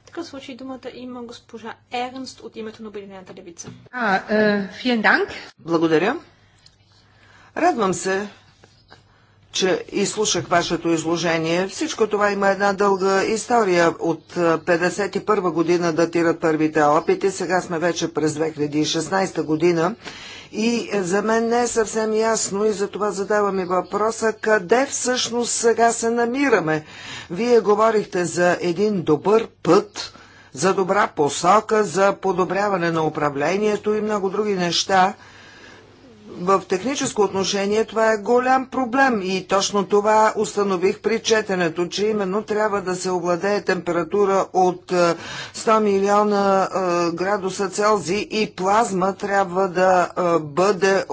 В такъв случай думата има госпожа Ернст от името на Обединената левица. А, е, Благодаря. Радвам се, че изслушах вашето изложение. Всичко това има една дълга история. От 1951 година датират първите опити, сега сме вече през 2016 година. И е, за мен не е съвсем ясно и за това задавам и въпроса, къде всъщност сега се намираме. Вие говорихте за един добър път, за добра посока, за подобряване на управлението и много други неща – в техническо отношение това е голям проблем и точно това установих при четенето, че именно трябва да се овладее температура от 100 е, милиона е, градуса Целзий и плазма трябва да е, бъде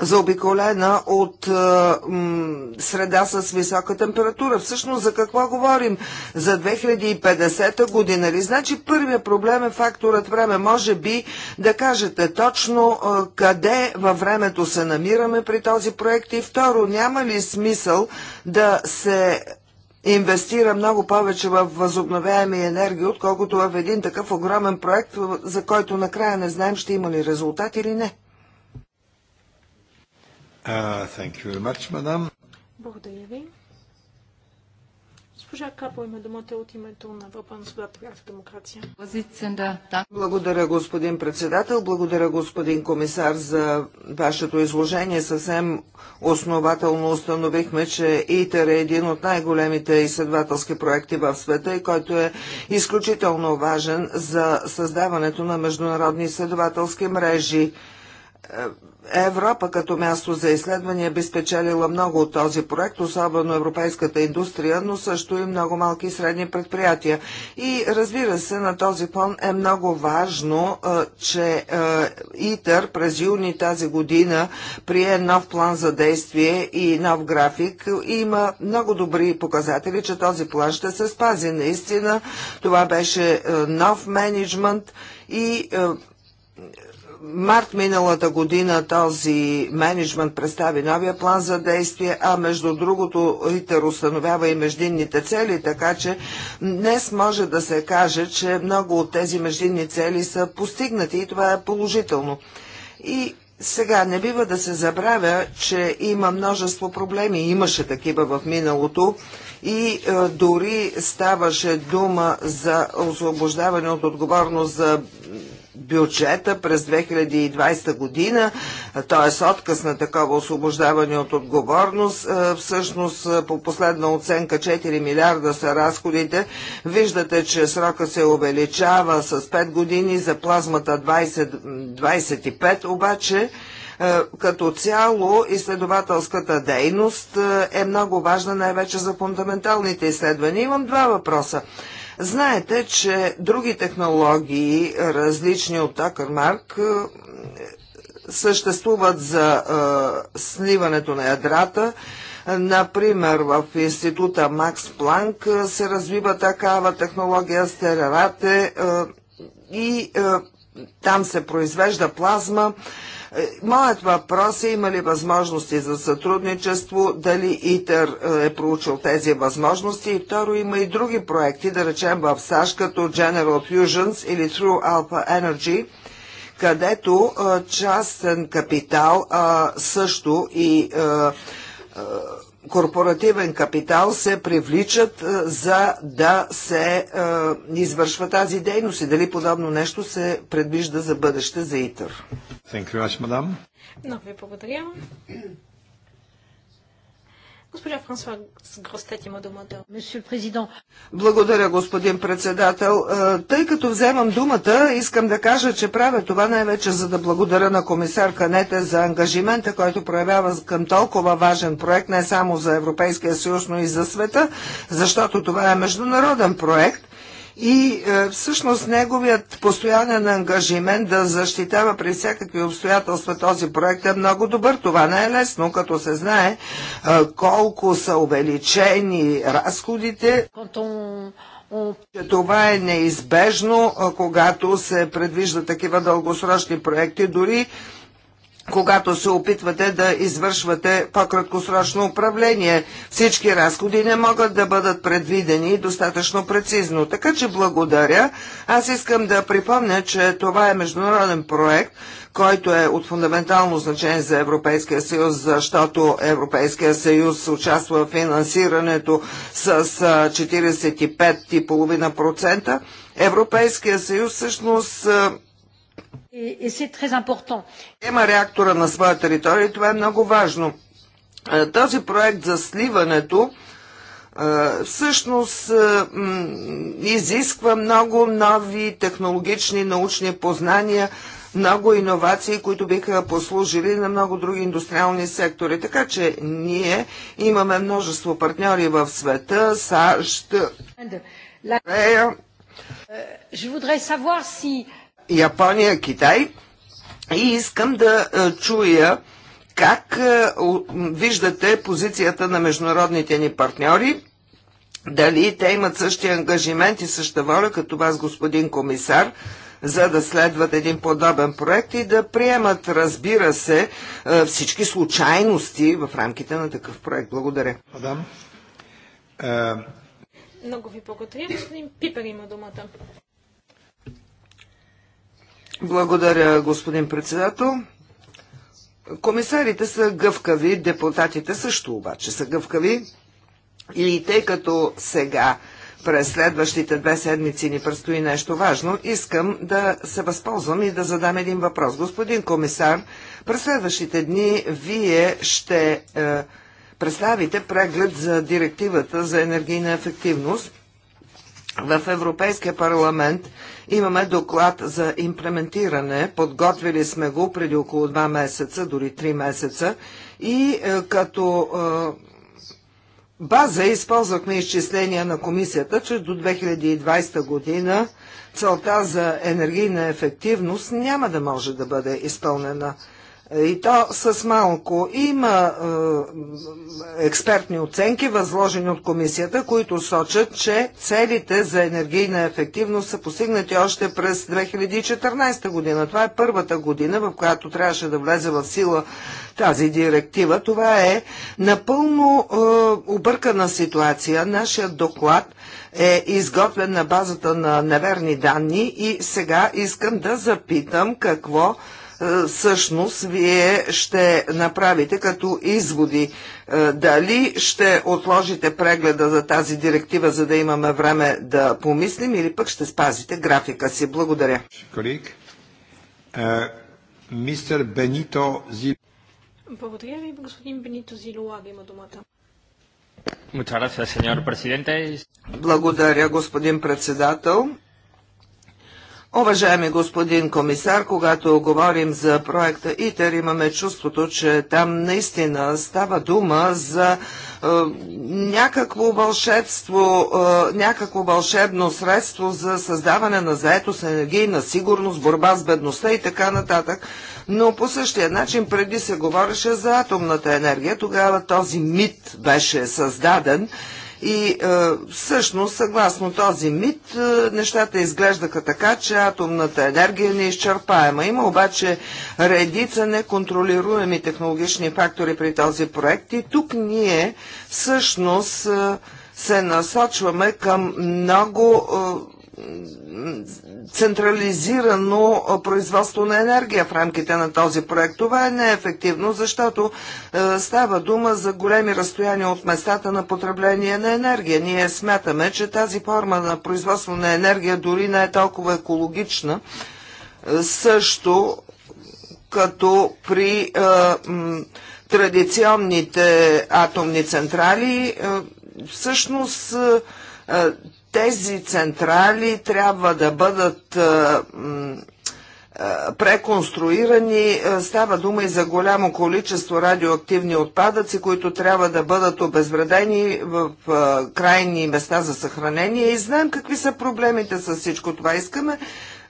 заобиколена от а, е, м, среда с висока температура. Всъщност за какво говорим? За 2050 година ли? Нали? Значи първият проблем е факторът време. Може би да кажете точно а, е, къде във времето се намираме при този проект и второ, няма ли смисъл да се инвестира много повече в възобновяеми енергии, отколкото в един такъв огромен проект, за който накрая не знаем ще има ли резултат или не. Uh, much, Благодаря ви. Госпожа Капо има думата от името на Европа на свободата демокрация. Благодаря, господин председател. Благодаря, господин комисар, за вашето изложение. Съвсем основателно установихме, че ИТЕР е един от най-големите изследователски проекти в света и който е изключително важен за създаването на международни изследователски мрежи. Европа като място за изследвания би спечелила много от този проект, особено европейската индустрия, но също и много малки и средни предприятия. И разбира се, на този фон е много важно, че ИТър през юни тази година прие нов план за действие и нов график. И има много добри показатели, че този план ще се спази. Наистина, това беше нов менеджмент и март миналата година този менеджмент представи новия план за действие, а между другото ИТЕР установява и междинните цели, така че днес може да се каже, че много от тези междинни цели са постигнати и това е положително. И сега не бива да се забравя, че има множество проблеми, имаше такива в миналото и е, дори ставаше дума за освобождаване от отговорност за бюджета през 2020 година, т.е. отказ на такова освобождаване от отговорност. Е, всъщност е, по последна оценка 4 милиарда са разходите. Виждате, че срока се увеличава с 5 години, за плазмата 20-25 обаче е, като цяло изследователската дейност е много важна най-вече за фундаменталните изследвания. Имам два въпроса. Знаете, че други технологии, различни от Акърмарк, е, съществуват за е, сливането на ядрата. Например, в института Макс Планк е, се развива такава технология стерерате е, и е, там се произвежда плазма. Е, е, моят въпрос е има ли възможности за сътрудничество, дали ИТЕР е, е проучил тези възможности и второ има и други проекти, да речем в САЩ като General Fusions или True Alpha Energy, където е, частен капитал също и корпоративен капитал се привличат е, за да се е, извършва тази дейност и дали подобно нещо се предвижда за бъдеще за ИТър. Много ви благодаря. Госпожа Франсуа Гростет има думата. Благодаря, господин председател. Е, тъй като вземам думата, искам да кажа, че правя това най-вече за да благодаря на комисар Канете за ангажимента, който проявява към толкова важен проект, не само за Европейския съюз, но и за света, защото това е международен проект – и е, всъщност неговият постоянен ангажимент да защитава при всякакви обстоятелства този проект е много добър. Това не е лесно, като се знае е, колко са увеличени разходите. Това е неизбежно, е, когато се предвижда такива дългосрочни проекти, дори когато се опитвате да извършвате по-краткосрочно управление. Всички разходи не могат да бъдат предвидени достатъчно прецизно. Така че благодаря. Аз искам да припомня, че това е международен проект, който е от фундаментално значение за Европейския съюз, защото Европейския съюз участва в финансирането с 45,5%. Европейския съюз всъщност има реактора на своя територия и това е много важно. Е, този проект за сливането е, всъщност е, изисква много нови технологични научни познания, много иновации, които биха послужили на много други индустриални сектори. Така че ние имаме множество партньори в света, САЩ, Корея. Euh, je voudrais savoir si Япония, Китай и искам да е, чуя как е, виждате позицията на международните ни партньори, дали те имат същия ангажимент и съща воля като вас, господин комисар, за да следват един подобен проект и да приемат, разбира се, е, всички случайности в рамките на такъв проект. Благодаря. Много ви благодаря. Господин Пипер има думата. Благодаря, господин председател. Комисарите са гъвкави, депутатите също обаче са гъвкави. И тъй като сега през следващите две седмици ни предстои нещо важно, искам да се възползвам и да задам един въпрос. Господин комисар, през следващите дни вие ще е, представите преглед за директивата за енергийна ефективност – в Европейския парламент имаме доклад за имплементиране. Подготвили сме го преди около 2 месеца, дори 3 месеца. И е, като е, база използвахме изчисления на комисията, че до 2020 година целта за енергийна ефективност няма да може да бъде изпълнена. И то с малко. Има е, експертни оценки, възложени от комисията, които сочат, че целите за енергийна ефективност са постигнати още през 2014 година. Това е първата година, в която трябваше да влезе в сила тази директива. Това е напълно е, объркана ситуация. Нашият доклад е изготвен на базата на неверни данни и сега искам да запитам какво е, всъщност вие ще направите като изводи? Е, дали ще отложите прегледа за тази директива, за да имаме време да помислим или пък ще спазите графика си? Благодаря. Е, мистер Бенито Зил... Благодаря ви, господин Бенито Зилуага има думата. Благодаря, господин председател. Уважаеми господин комисар, когато говорим за проекта ИТЕР, имаме чувството, че там наистина става дума за е, някакво вълшебство, е, някакво вълшебно средство за създаване на заетост, енергийна сигурност, борба с бедността и така нататък. Но по същия начин преди се говореше за атомната енергия. Тогава този мит беше създаден и е, всъщност, съгласно този мит, е, нещата изглеждаха така, че атомната енергия не е изчерпаема. Има обаче редица неконтролируеми технологични фактори при този проект и тук ние всъщност е, се насочваме към много е, централизирано производство на енергия в рамките на този проект. Това е неефективно, защото е, става дума за големи разстояния от местата на потребление на енергия. Ние смятаме, че тази форма на производство на енергия дори не е толкова екологична, е, също като при е, традиционните атомни централи. Е, всъщност тези централи трябва да бъдат преконструирани. Става дума и за голямо количество радиоактивни отпадъци, които трябва да бъдат обезвредени в крайни места за съхранение и знаем какви са проблемите с всичко това. Искаме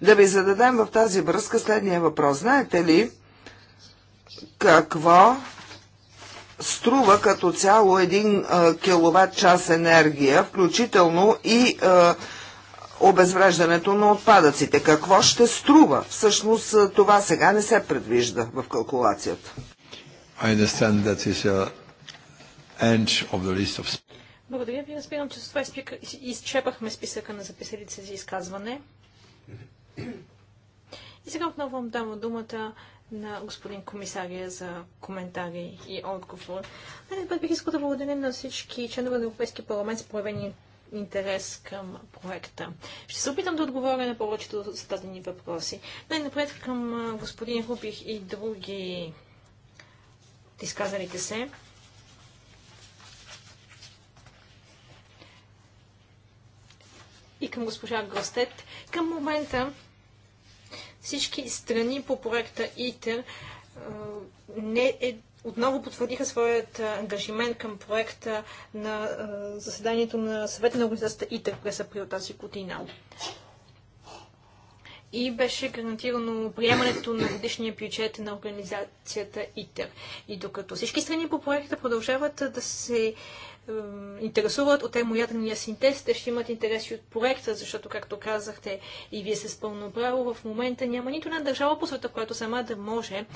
да ви зададем в тази връзка следния въпрос. Знаете ли какво струва като цяло 1 киловатт час енергия, включително и а, обезвреждането на отпадъците. Какво ще струва? Всъщност това сега не се предвижда в калкулацията. Of... Благодаря ви. Разбирам, че с това изчепахме списъка на записалите за изказване. И сега отново вам дам думата на господин комисария за коментари и отговор. Най-напред бих искал да благодаря на всички членове на Европейския парламент с проявени интерес към проекта. Ще се опитам да отговоря на повечето зададени въпроси. Най-напред към господин Рубих и други изказалите се. И към госпожа Гростет. Към момента всички страни по проекта ИТЕР не е, отново потвърдиха своят ангажимент към проекта на заседанието на съвета на организацията ИТЕР през април тази година и беше гарантирано приемането на годишния бюджет на организацията ИТЕР. И докато всички страни по проекта продължават да се интересуват от термоядрения синтез, те ще имат интереси от проекта, защото, както казахте и вие се спълно пълно право, в момента няма нито една държава по света, която сама да може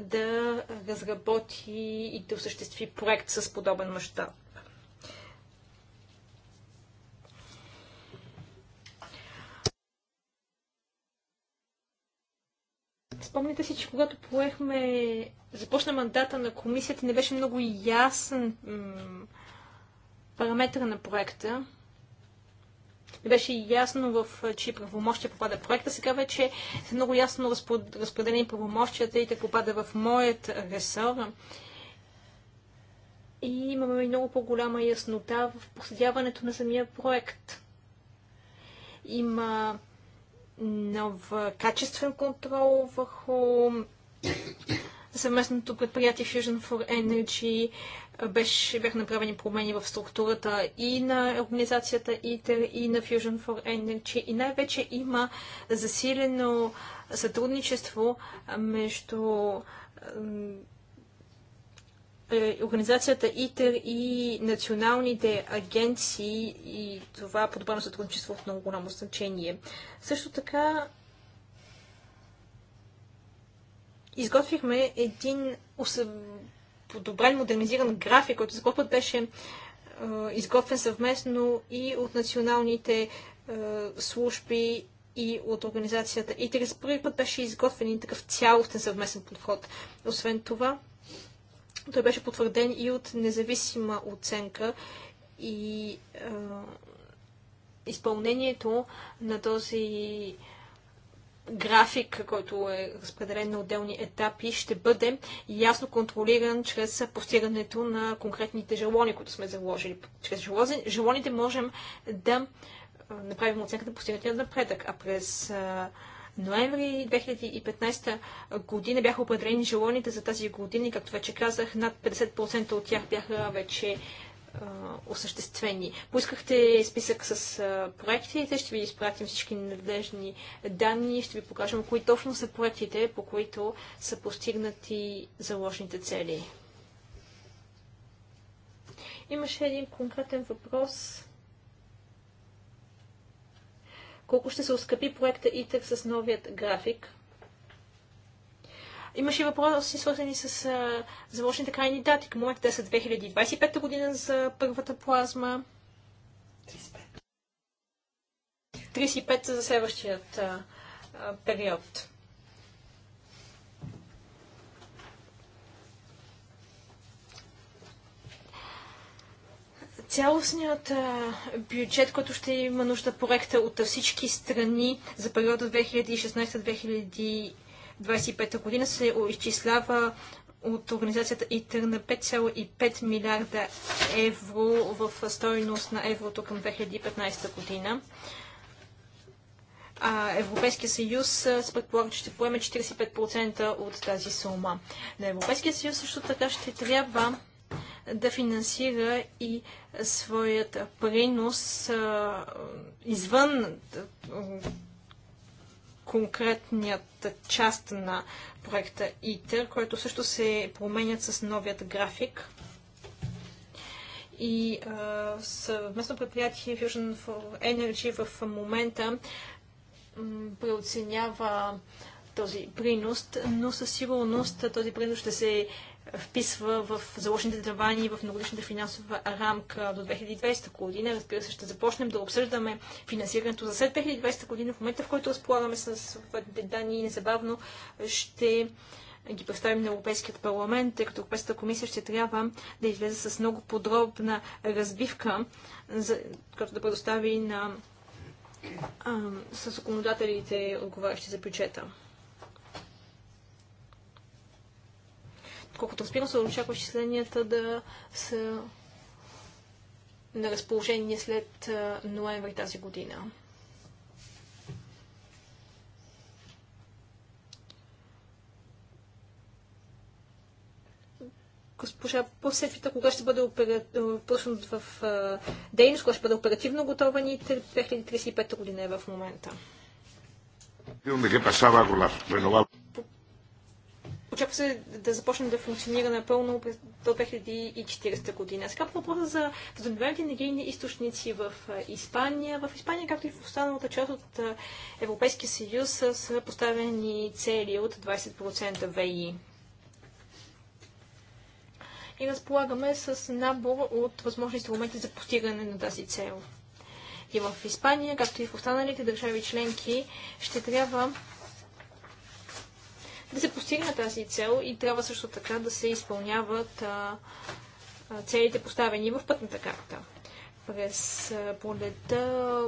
да разработи и да осъществи проект с подобен мащаб. Спомняте си, че когато поехме, започна мандата на комисията, не беше много ясен параметър на проекта. Не беше ясно в чии правомощия попада проекта. Сега вече са много ясно разпределени правомощията и те попада в моят ресор. И имаме много по-голяма яснота в проследяването на самия проект. Има нов качествен контрол върху съвместното предприятие Fusion for Energy. Беше, бях направени промени в структурата и на организацията ИТЕР, и на Fusion for Energy. И най-вече има засилено сътрудничество между е, организацията ИТЕР и националните агенции и това подобрено сътрудничество в много голямо значение. Също така изготвихме един подобрен, модернизиран график, който за път беше е, изготвен съвместно и от националните е, служби и от организацията. И за първи път беше изготвен и такъв цялостен съвместен подход. Освен това, той беше потвърден и от независима оценка и е, изпълнението на този график, който е разпределен на отделни етапи, ще бъде ясно контролиран чрез постигането на конкретните желони, които сме заложили. Чрез желоните можем да направим оценка на постигнатия напредък, а през е, ноември 2015 година бяха определени желоните за тази година и, както вече казах, над 50% от тях бяха вече осъществени. Поискахте списък с проектите, ще ви изпратим всички надлежни данни, ще ви покажем кои точно са проектите, по които са постигнати заложните цели. Имаше един конкретен въпрос колко ще се оскъпи проекта ИТЕК с новият график. Имаше въпроси, свързани с заложените крайни дати. Към момента те са 2025 година за първата плазма. 35. 35 за следващият а, а, период. цялостният бюджет, който ще има нужда проекта от всички страни за периода 2016-2025 година се изчислява от организацията ИТР на 5,5 милиарда евро в стоеност на еврото към 2015 година. А Европейския съюз се предполага, че ще поеме 45% от тази сума. На Европейския съюз също така ще трябва да финансира и своят принос извън конкретният част на проекта ИТЕР, който също се променят с новият график. И съвместно предприятие Fusion for Energy в момента преоценява този принос, но със сигурност този принос ще се вписва в заложените тавани в многодишната финансова рамка до 2020 година. Разбира се, ще започнем да обсъждаме финансирането за след 2020 година. В момента, в който разполагаме с съответните данни, незабавно ще ги представим на Европейският парламент, тъй като Европейската комисия ще трябва да излезе с много подробна разбивка, която да предостави на а, с законодателите, отговарящи за бюджета. Колкото разбира се, очаква изчисленията да са на разположение след ноември тази година. госпожа Посефита, кога ще бъде опера... пуснат в дейност, кога ще бъде оперативно готова ни 2035 година е в момента. Очаква се да започне да функционира напълно до 2040 година. Сега по въпроса за възобновяемите енергийни източници в Испания. В Испания, както и в останалата част от Европейския съюз, са поставени цели от 20% ВИ. И разполагаме с набор от възможни инструменти за постигане на тази цел. И в Испания, както и в останалите държави членки, ще трябва да се постигне тази цел и трябва също така да се изпълняват а, целите поставени в пътната карта. През полета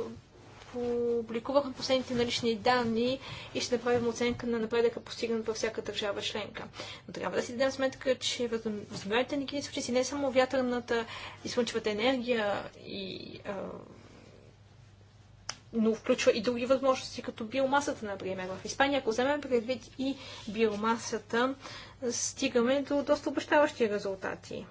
публикувахме последните налични данни и ще направим оценка на напредъка постигнат във всяка държава членка. Но трябва да си дадем сметка, че възобновяемите енергийни източници не само вятърната и слънчевата енергия и а, но включва и други възможности, като биомасата, например. В Испания, ако вземем предвид и биомасата, стигаме до доста обещаващи резултати.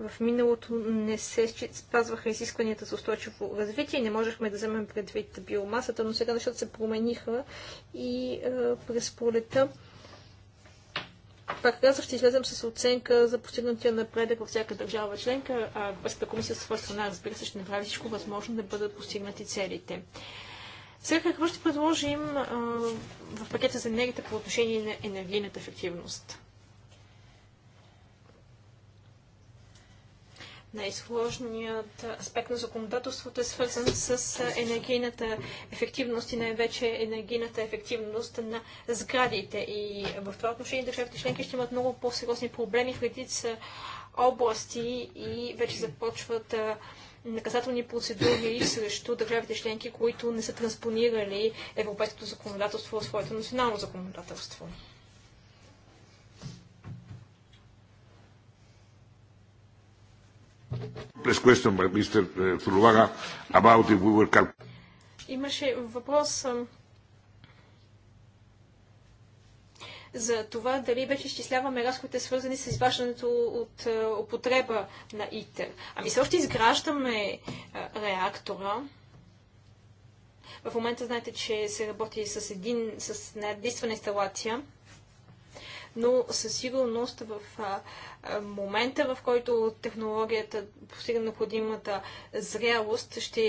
В миналото не се спазваха изискванията за устойчиво развитие, не можехме да вземем предвид биомасата, но сега нещата се промениха и е, през полета пак казах, ще излезем с оценка за постигнатия напредък във всяка държава членка, а Европейската комисия със своя страна, разбира се, ще направи всичко възможно да бъдат постигнати целите. Сега какво ще предложим а, в пакета за енергията по отношение на енергийната ефективност? най-сложният аспект на законодателството е свързан с енергийната ефективност и най-вече енергийната ефективност на сградите. И в това отношение държавите членки ще имат много по-сериозни проблеми в редица области и вече започват наказателни процедури срещу държавите членки, които не са транспонирали европейското законодателство в своето национално законодателство. Uh, Имаше въпрос за това дали вече изчисляваме разходите, свързани с изваждането от е, употреба на ИТЕР. Ами все още изграждаме а, е, реактора. В момента знаете, че се работи с, един, с една единствена инсталация но със сигурност в момента, в който технологията постига необходимата зрялост, ще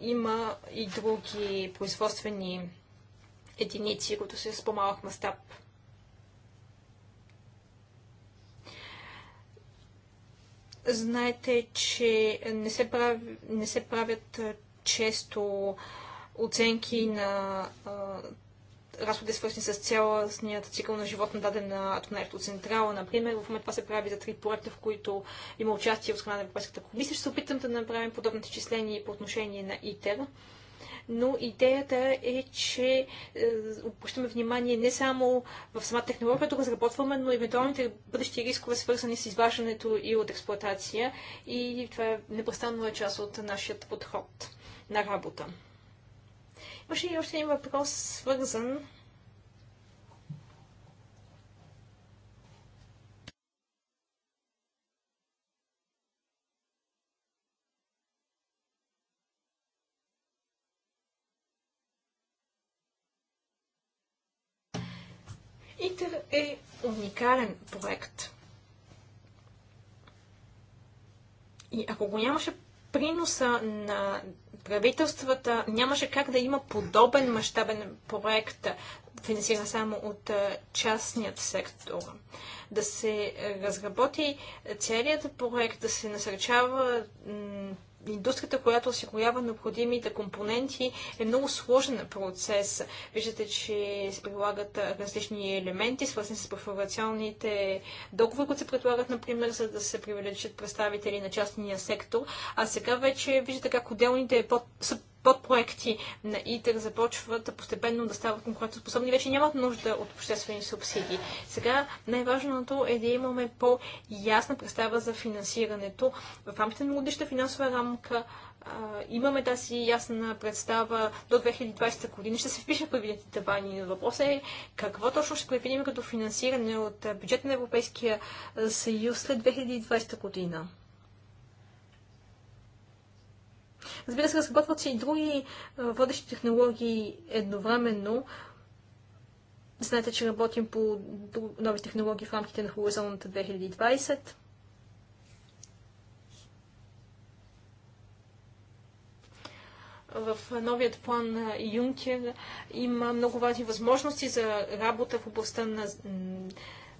има и други производствени единици, които са с по-малък Знаете, че не се, прави, не се правят често оценки на а, Разходите свързани с цялостният цикъл на живот на дадена атомна електроцентрала. Например, в момента това се прави за три проекта, в които има участие от страна на Европейската комисия. Ще се опитам да направим подобните числения по отношение на ИТЕР но идеята е, че е, обръщаме внимание не само в самата технология, която разработваме, но и евентуалните бъдещи рискове, свързани с изваждането и от експлоатация. И това е непрестанно е част от нашия подход на работа. Имаше и още един въпрос, свързан ИТЕР е уникален проект. И ако го нямаше приноса на правителствата нямаше как да има подобен мащабен проект, финансиран само от частният сектор. Да се разработи целият проект, да се насърчава индустрията, която осигурява необходимите компоненти, е много сложен процес. Виждате, че се прилагат различни елементи, свързани с профилационните договори, които се предлагат, например, за да се привлечат представители на частния сектор. А сега вече виждате как отделните под подпроекти на ИТЕР започват постепенно да стават конкурентоспособни, вече нямат нужда от обществени субсидии. Сега най-важното е да имаме по-ясна представа за финансирането. В рамките на годишна финансова рамка имаме тази ясна представа до 2020 година. Ще се впише предвидените тавани. Въпросът е какво точно ще предвидим като финансиране от бюджета на Европейския съюз след 2020 година. Разбира се, разработват се и други водещи технологии едновременно. Знаете, че работим по нови технологии в рамките на Хоризонта 2020. в новият план Юнкер има много важни възможности за работа в областта на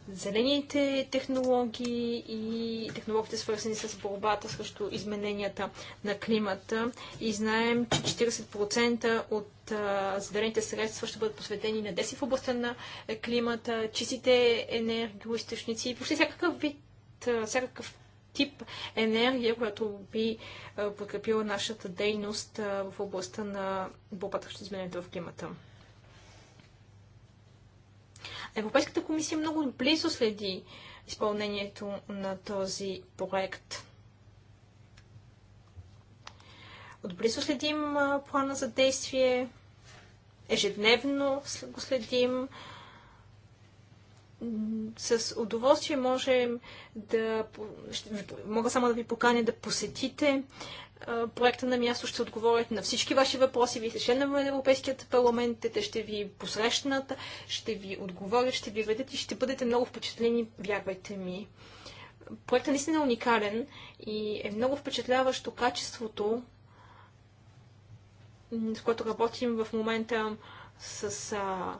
зелените технологии и технологиите свързани с борбата срещу измененията на климата. И знаем, че 40% от зелените средства ще бъдат посветени на деси в областта на климата, чистите енергоисточници и почти всякакъв вид, всякакъв тип енергия, която би подкрепила нашата дейност в областта на борбата срещу изменението в климата. Европейската комисия много близо следи изпълнението на този проект. Отблизо следим плана за действие, ежедневно го следим. С удоволствие можем да... Мога само да ви поканя да посетите проекта на място, ще отговорят на всички ваши въпроси. Вие сте членове на Европейският парламент, те ще ви посрещнат, ще ви отговорят, ще ви ведат и ще бъдете много впечатлени, вярвайте ми. Проектът наистина е уникален и е много впечатляващо качеството, с което работим в момента с а,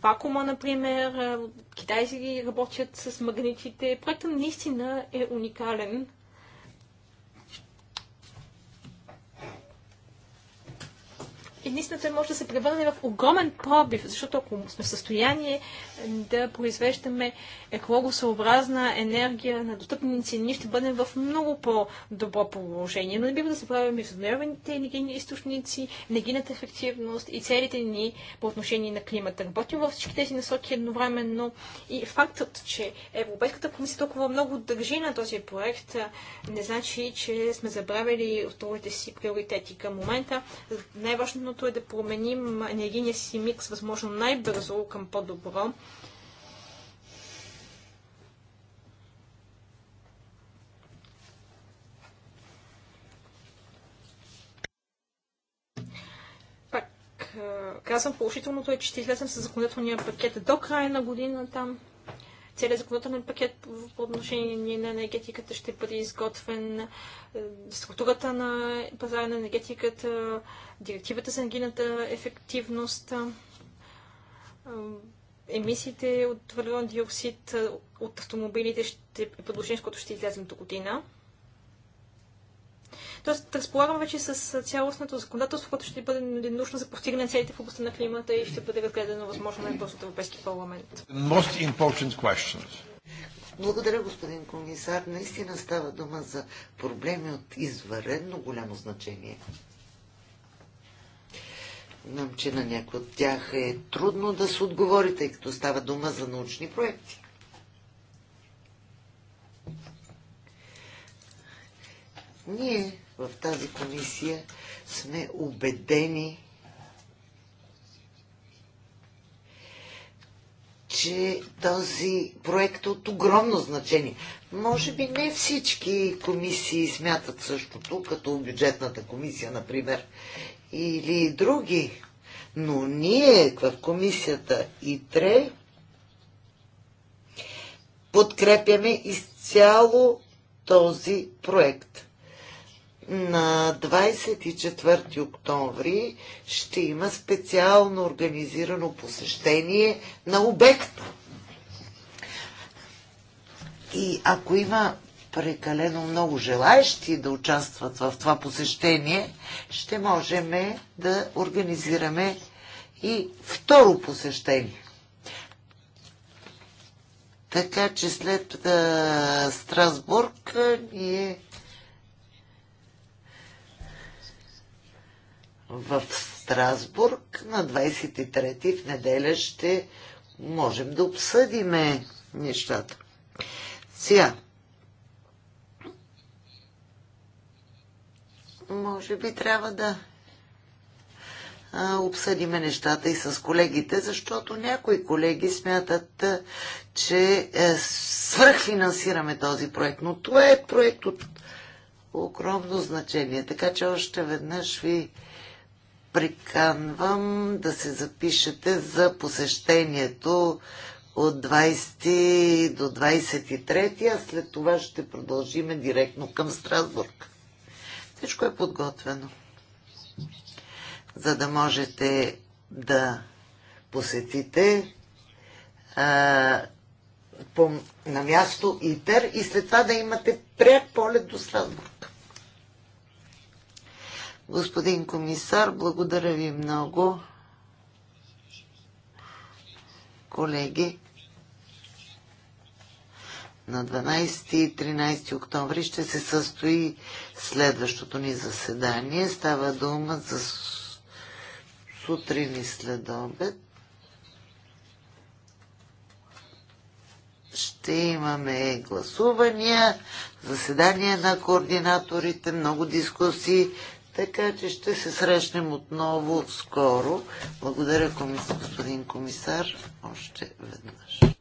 вакуума, например. Китайци работят с магнитите. Проектът наистина е уникален и наистина той може да се превърне в огромен пробив, защото ако сме в състояние е, да произвеждаме екологосъобразна енергия на достъпни цени, ще бъдем в много по-добро положение. Но не бива да забравяме и енергийни източници, енергийната ефективност и целите ни по отношение на климата. Работим във всички тези насоки едновременно и фактът, че Европейската комисия толкова много държи на този проект, е, не значи, че сме забравили от другите си приоритети. Към момента най-важно Важното е да променим енергийния си микс възможно най-бързо към по-добро. Пак казвам, положителното е, че ще излезем с законодателния пакет до края на годината целият законодателен пакет по отношение на енергетиката ще бъде изготвен, е, структурата на пазара на енергетиката, директивата за енергийната ефективност, е, емисиите от въглероден диоксид е, от автомобилите ще е предложение, с което ще излезем до година. Тоест, разполагаме вече с цялостното законодателство, което ще бъде нужно за постигане целите в областта на климата и ще бъде разгледано възможно най-бързо от Европейски парламент. Благодаря, господин комисар. Наистина става дума за проблеми от извънредно голямо значение. Знам, че на някои от тях е трудно да се отговори, тъй като става дума за научни проекти. Ние в тази комисия сме убедени, че този проект е от огромно значение. Може би не всички комисии смятат същото, като бюджетната комисия, например, или други. Но ние в комисията ИТРЕ подкрепяме изцяло този проект. На 24 октомври ще има специално организирано посещение на обекта. И ако има прекалено много желаещи да участват в това посещение, ще можем да организираме и второ посещение. Така че след Страсбург ние в Страсбург на 23 ти в неделя ще можем да обсъдиме нещата. Сега, може би трябва да обсъдиме нещата и с колегите, защото някои колеги смятат, че свърхфинансираме свръхфинансираме този проект. Но това е проект от огромно значение. Така че още веднъж ви приканвам да се запишете за посещението от 20 до 23, а след това ще продължиме директно към Страсбург. Всичко е подготвено, за да можете да посетите а, по, на място ИТЕР и след това да имате пряк полет до Страсбург. Господин комисар, благодаря ви много. Колеги, на 12 и 13 октомври ще се състои следващото ни заседание. Става дума за сутрин и след обед. ще имаме гласувания, заседания на координаторите, много дискусии. Така че ще се срещнем отново скоро. Благодаря, господин комисар, още веднъж.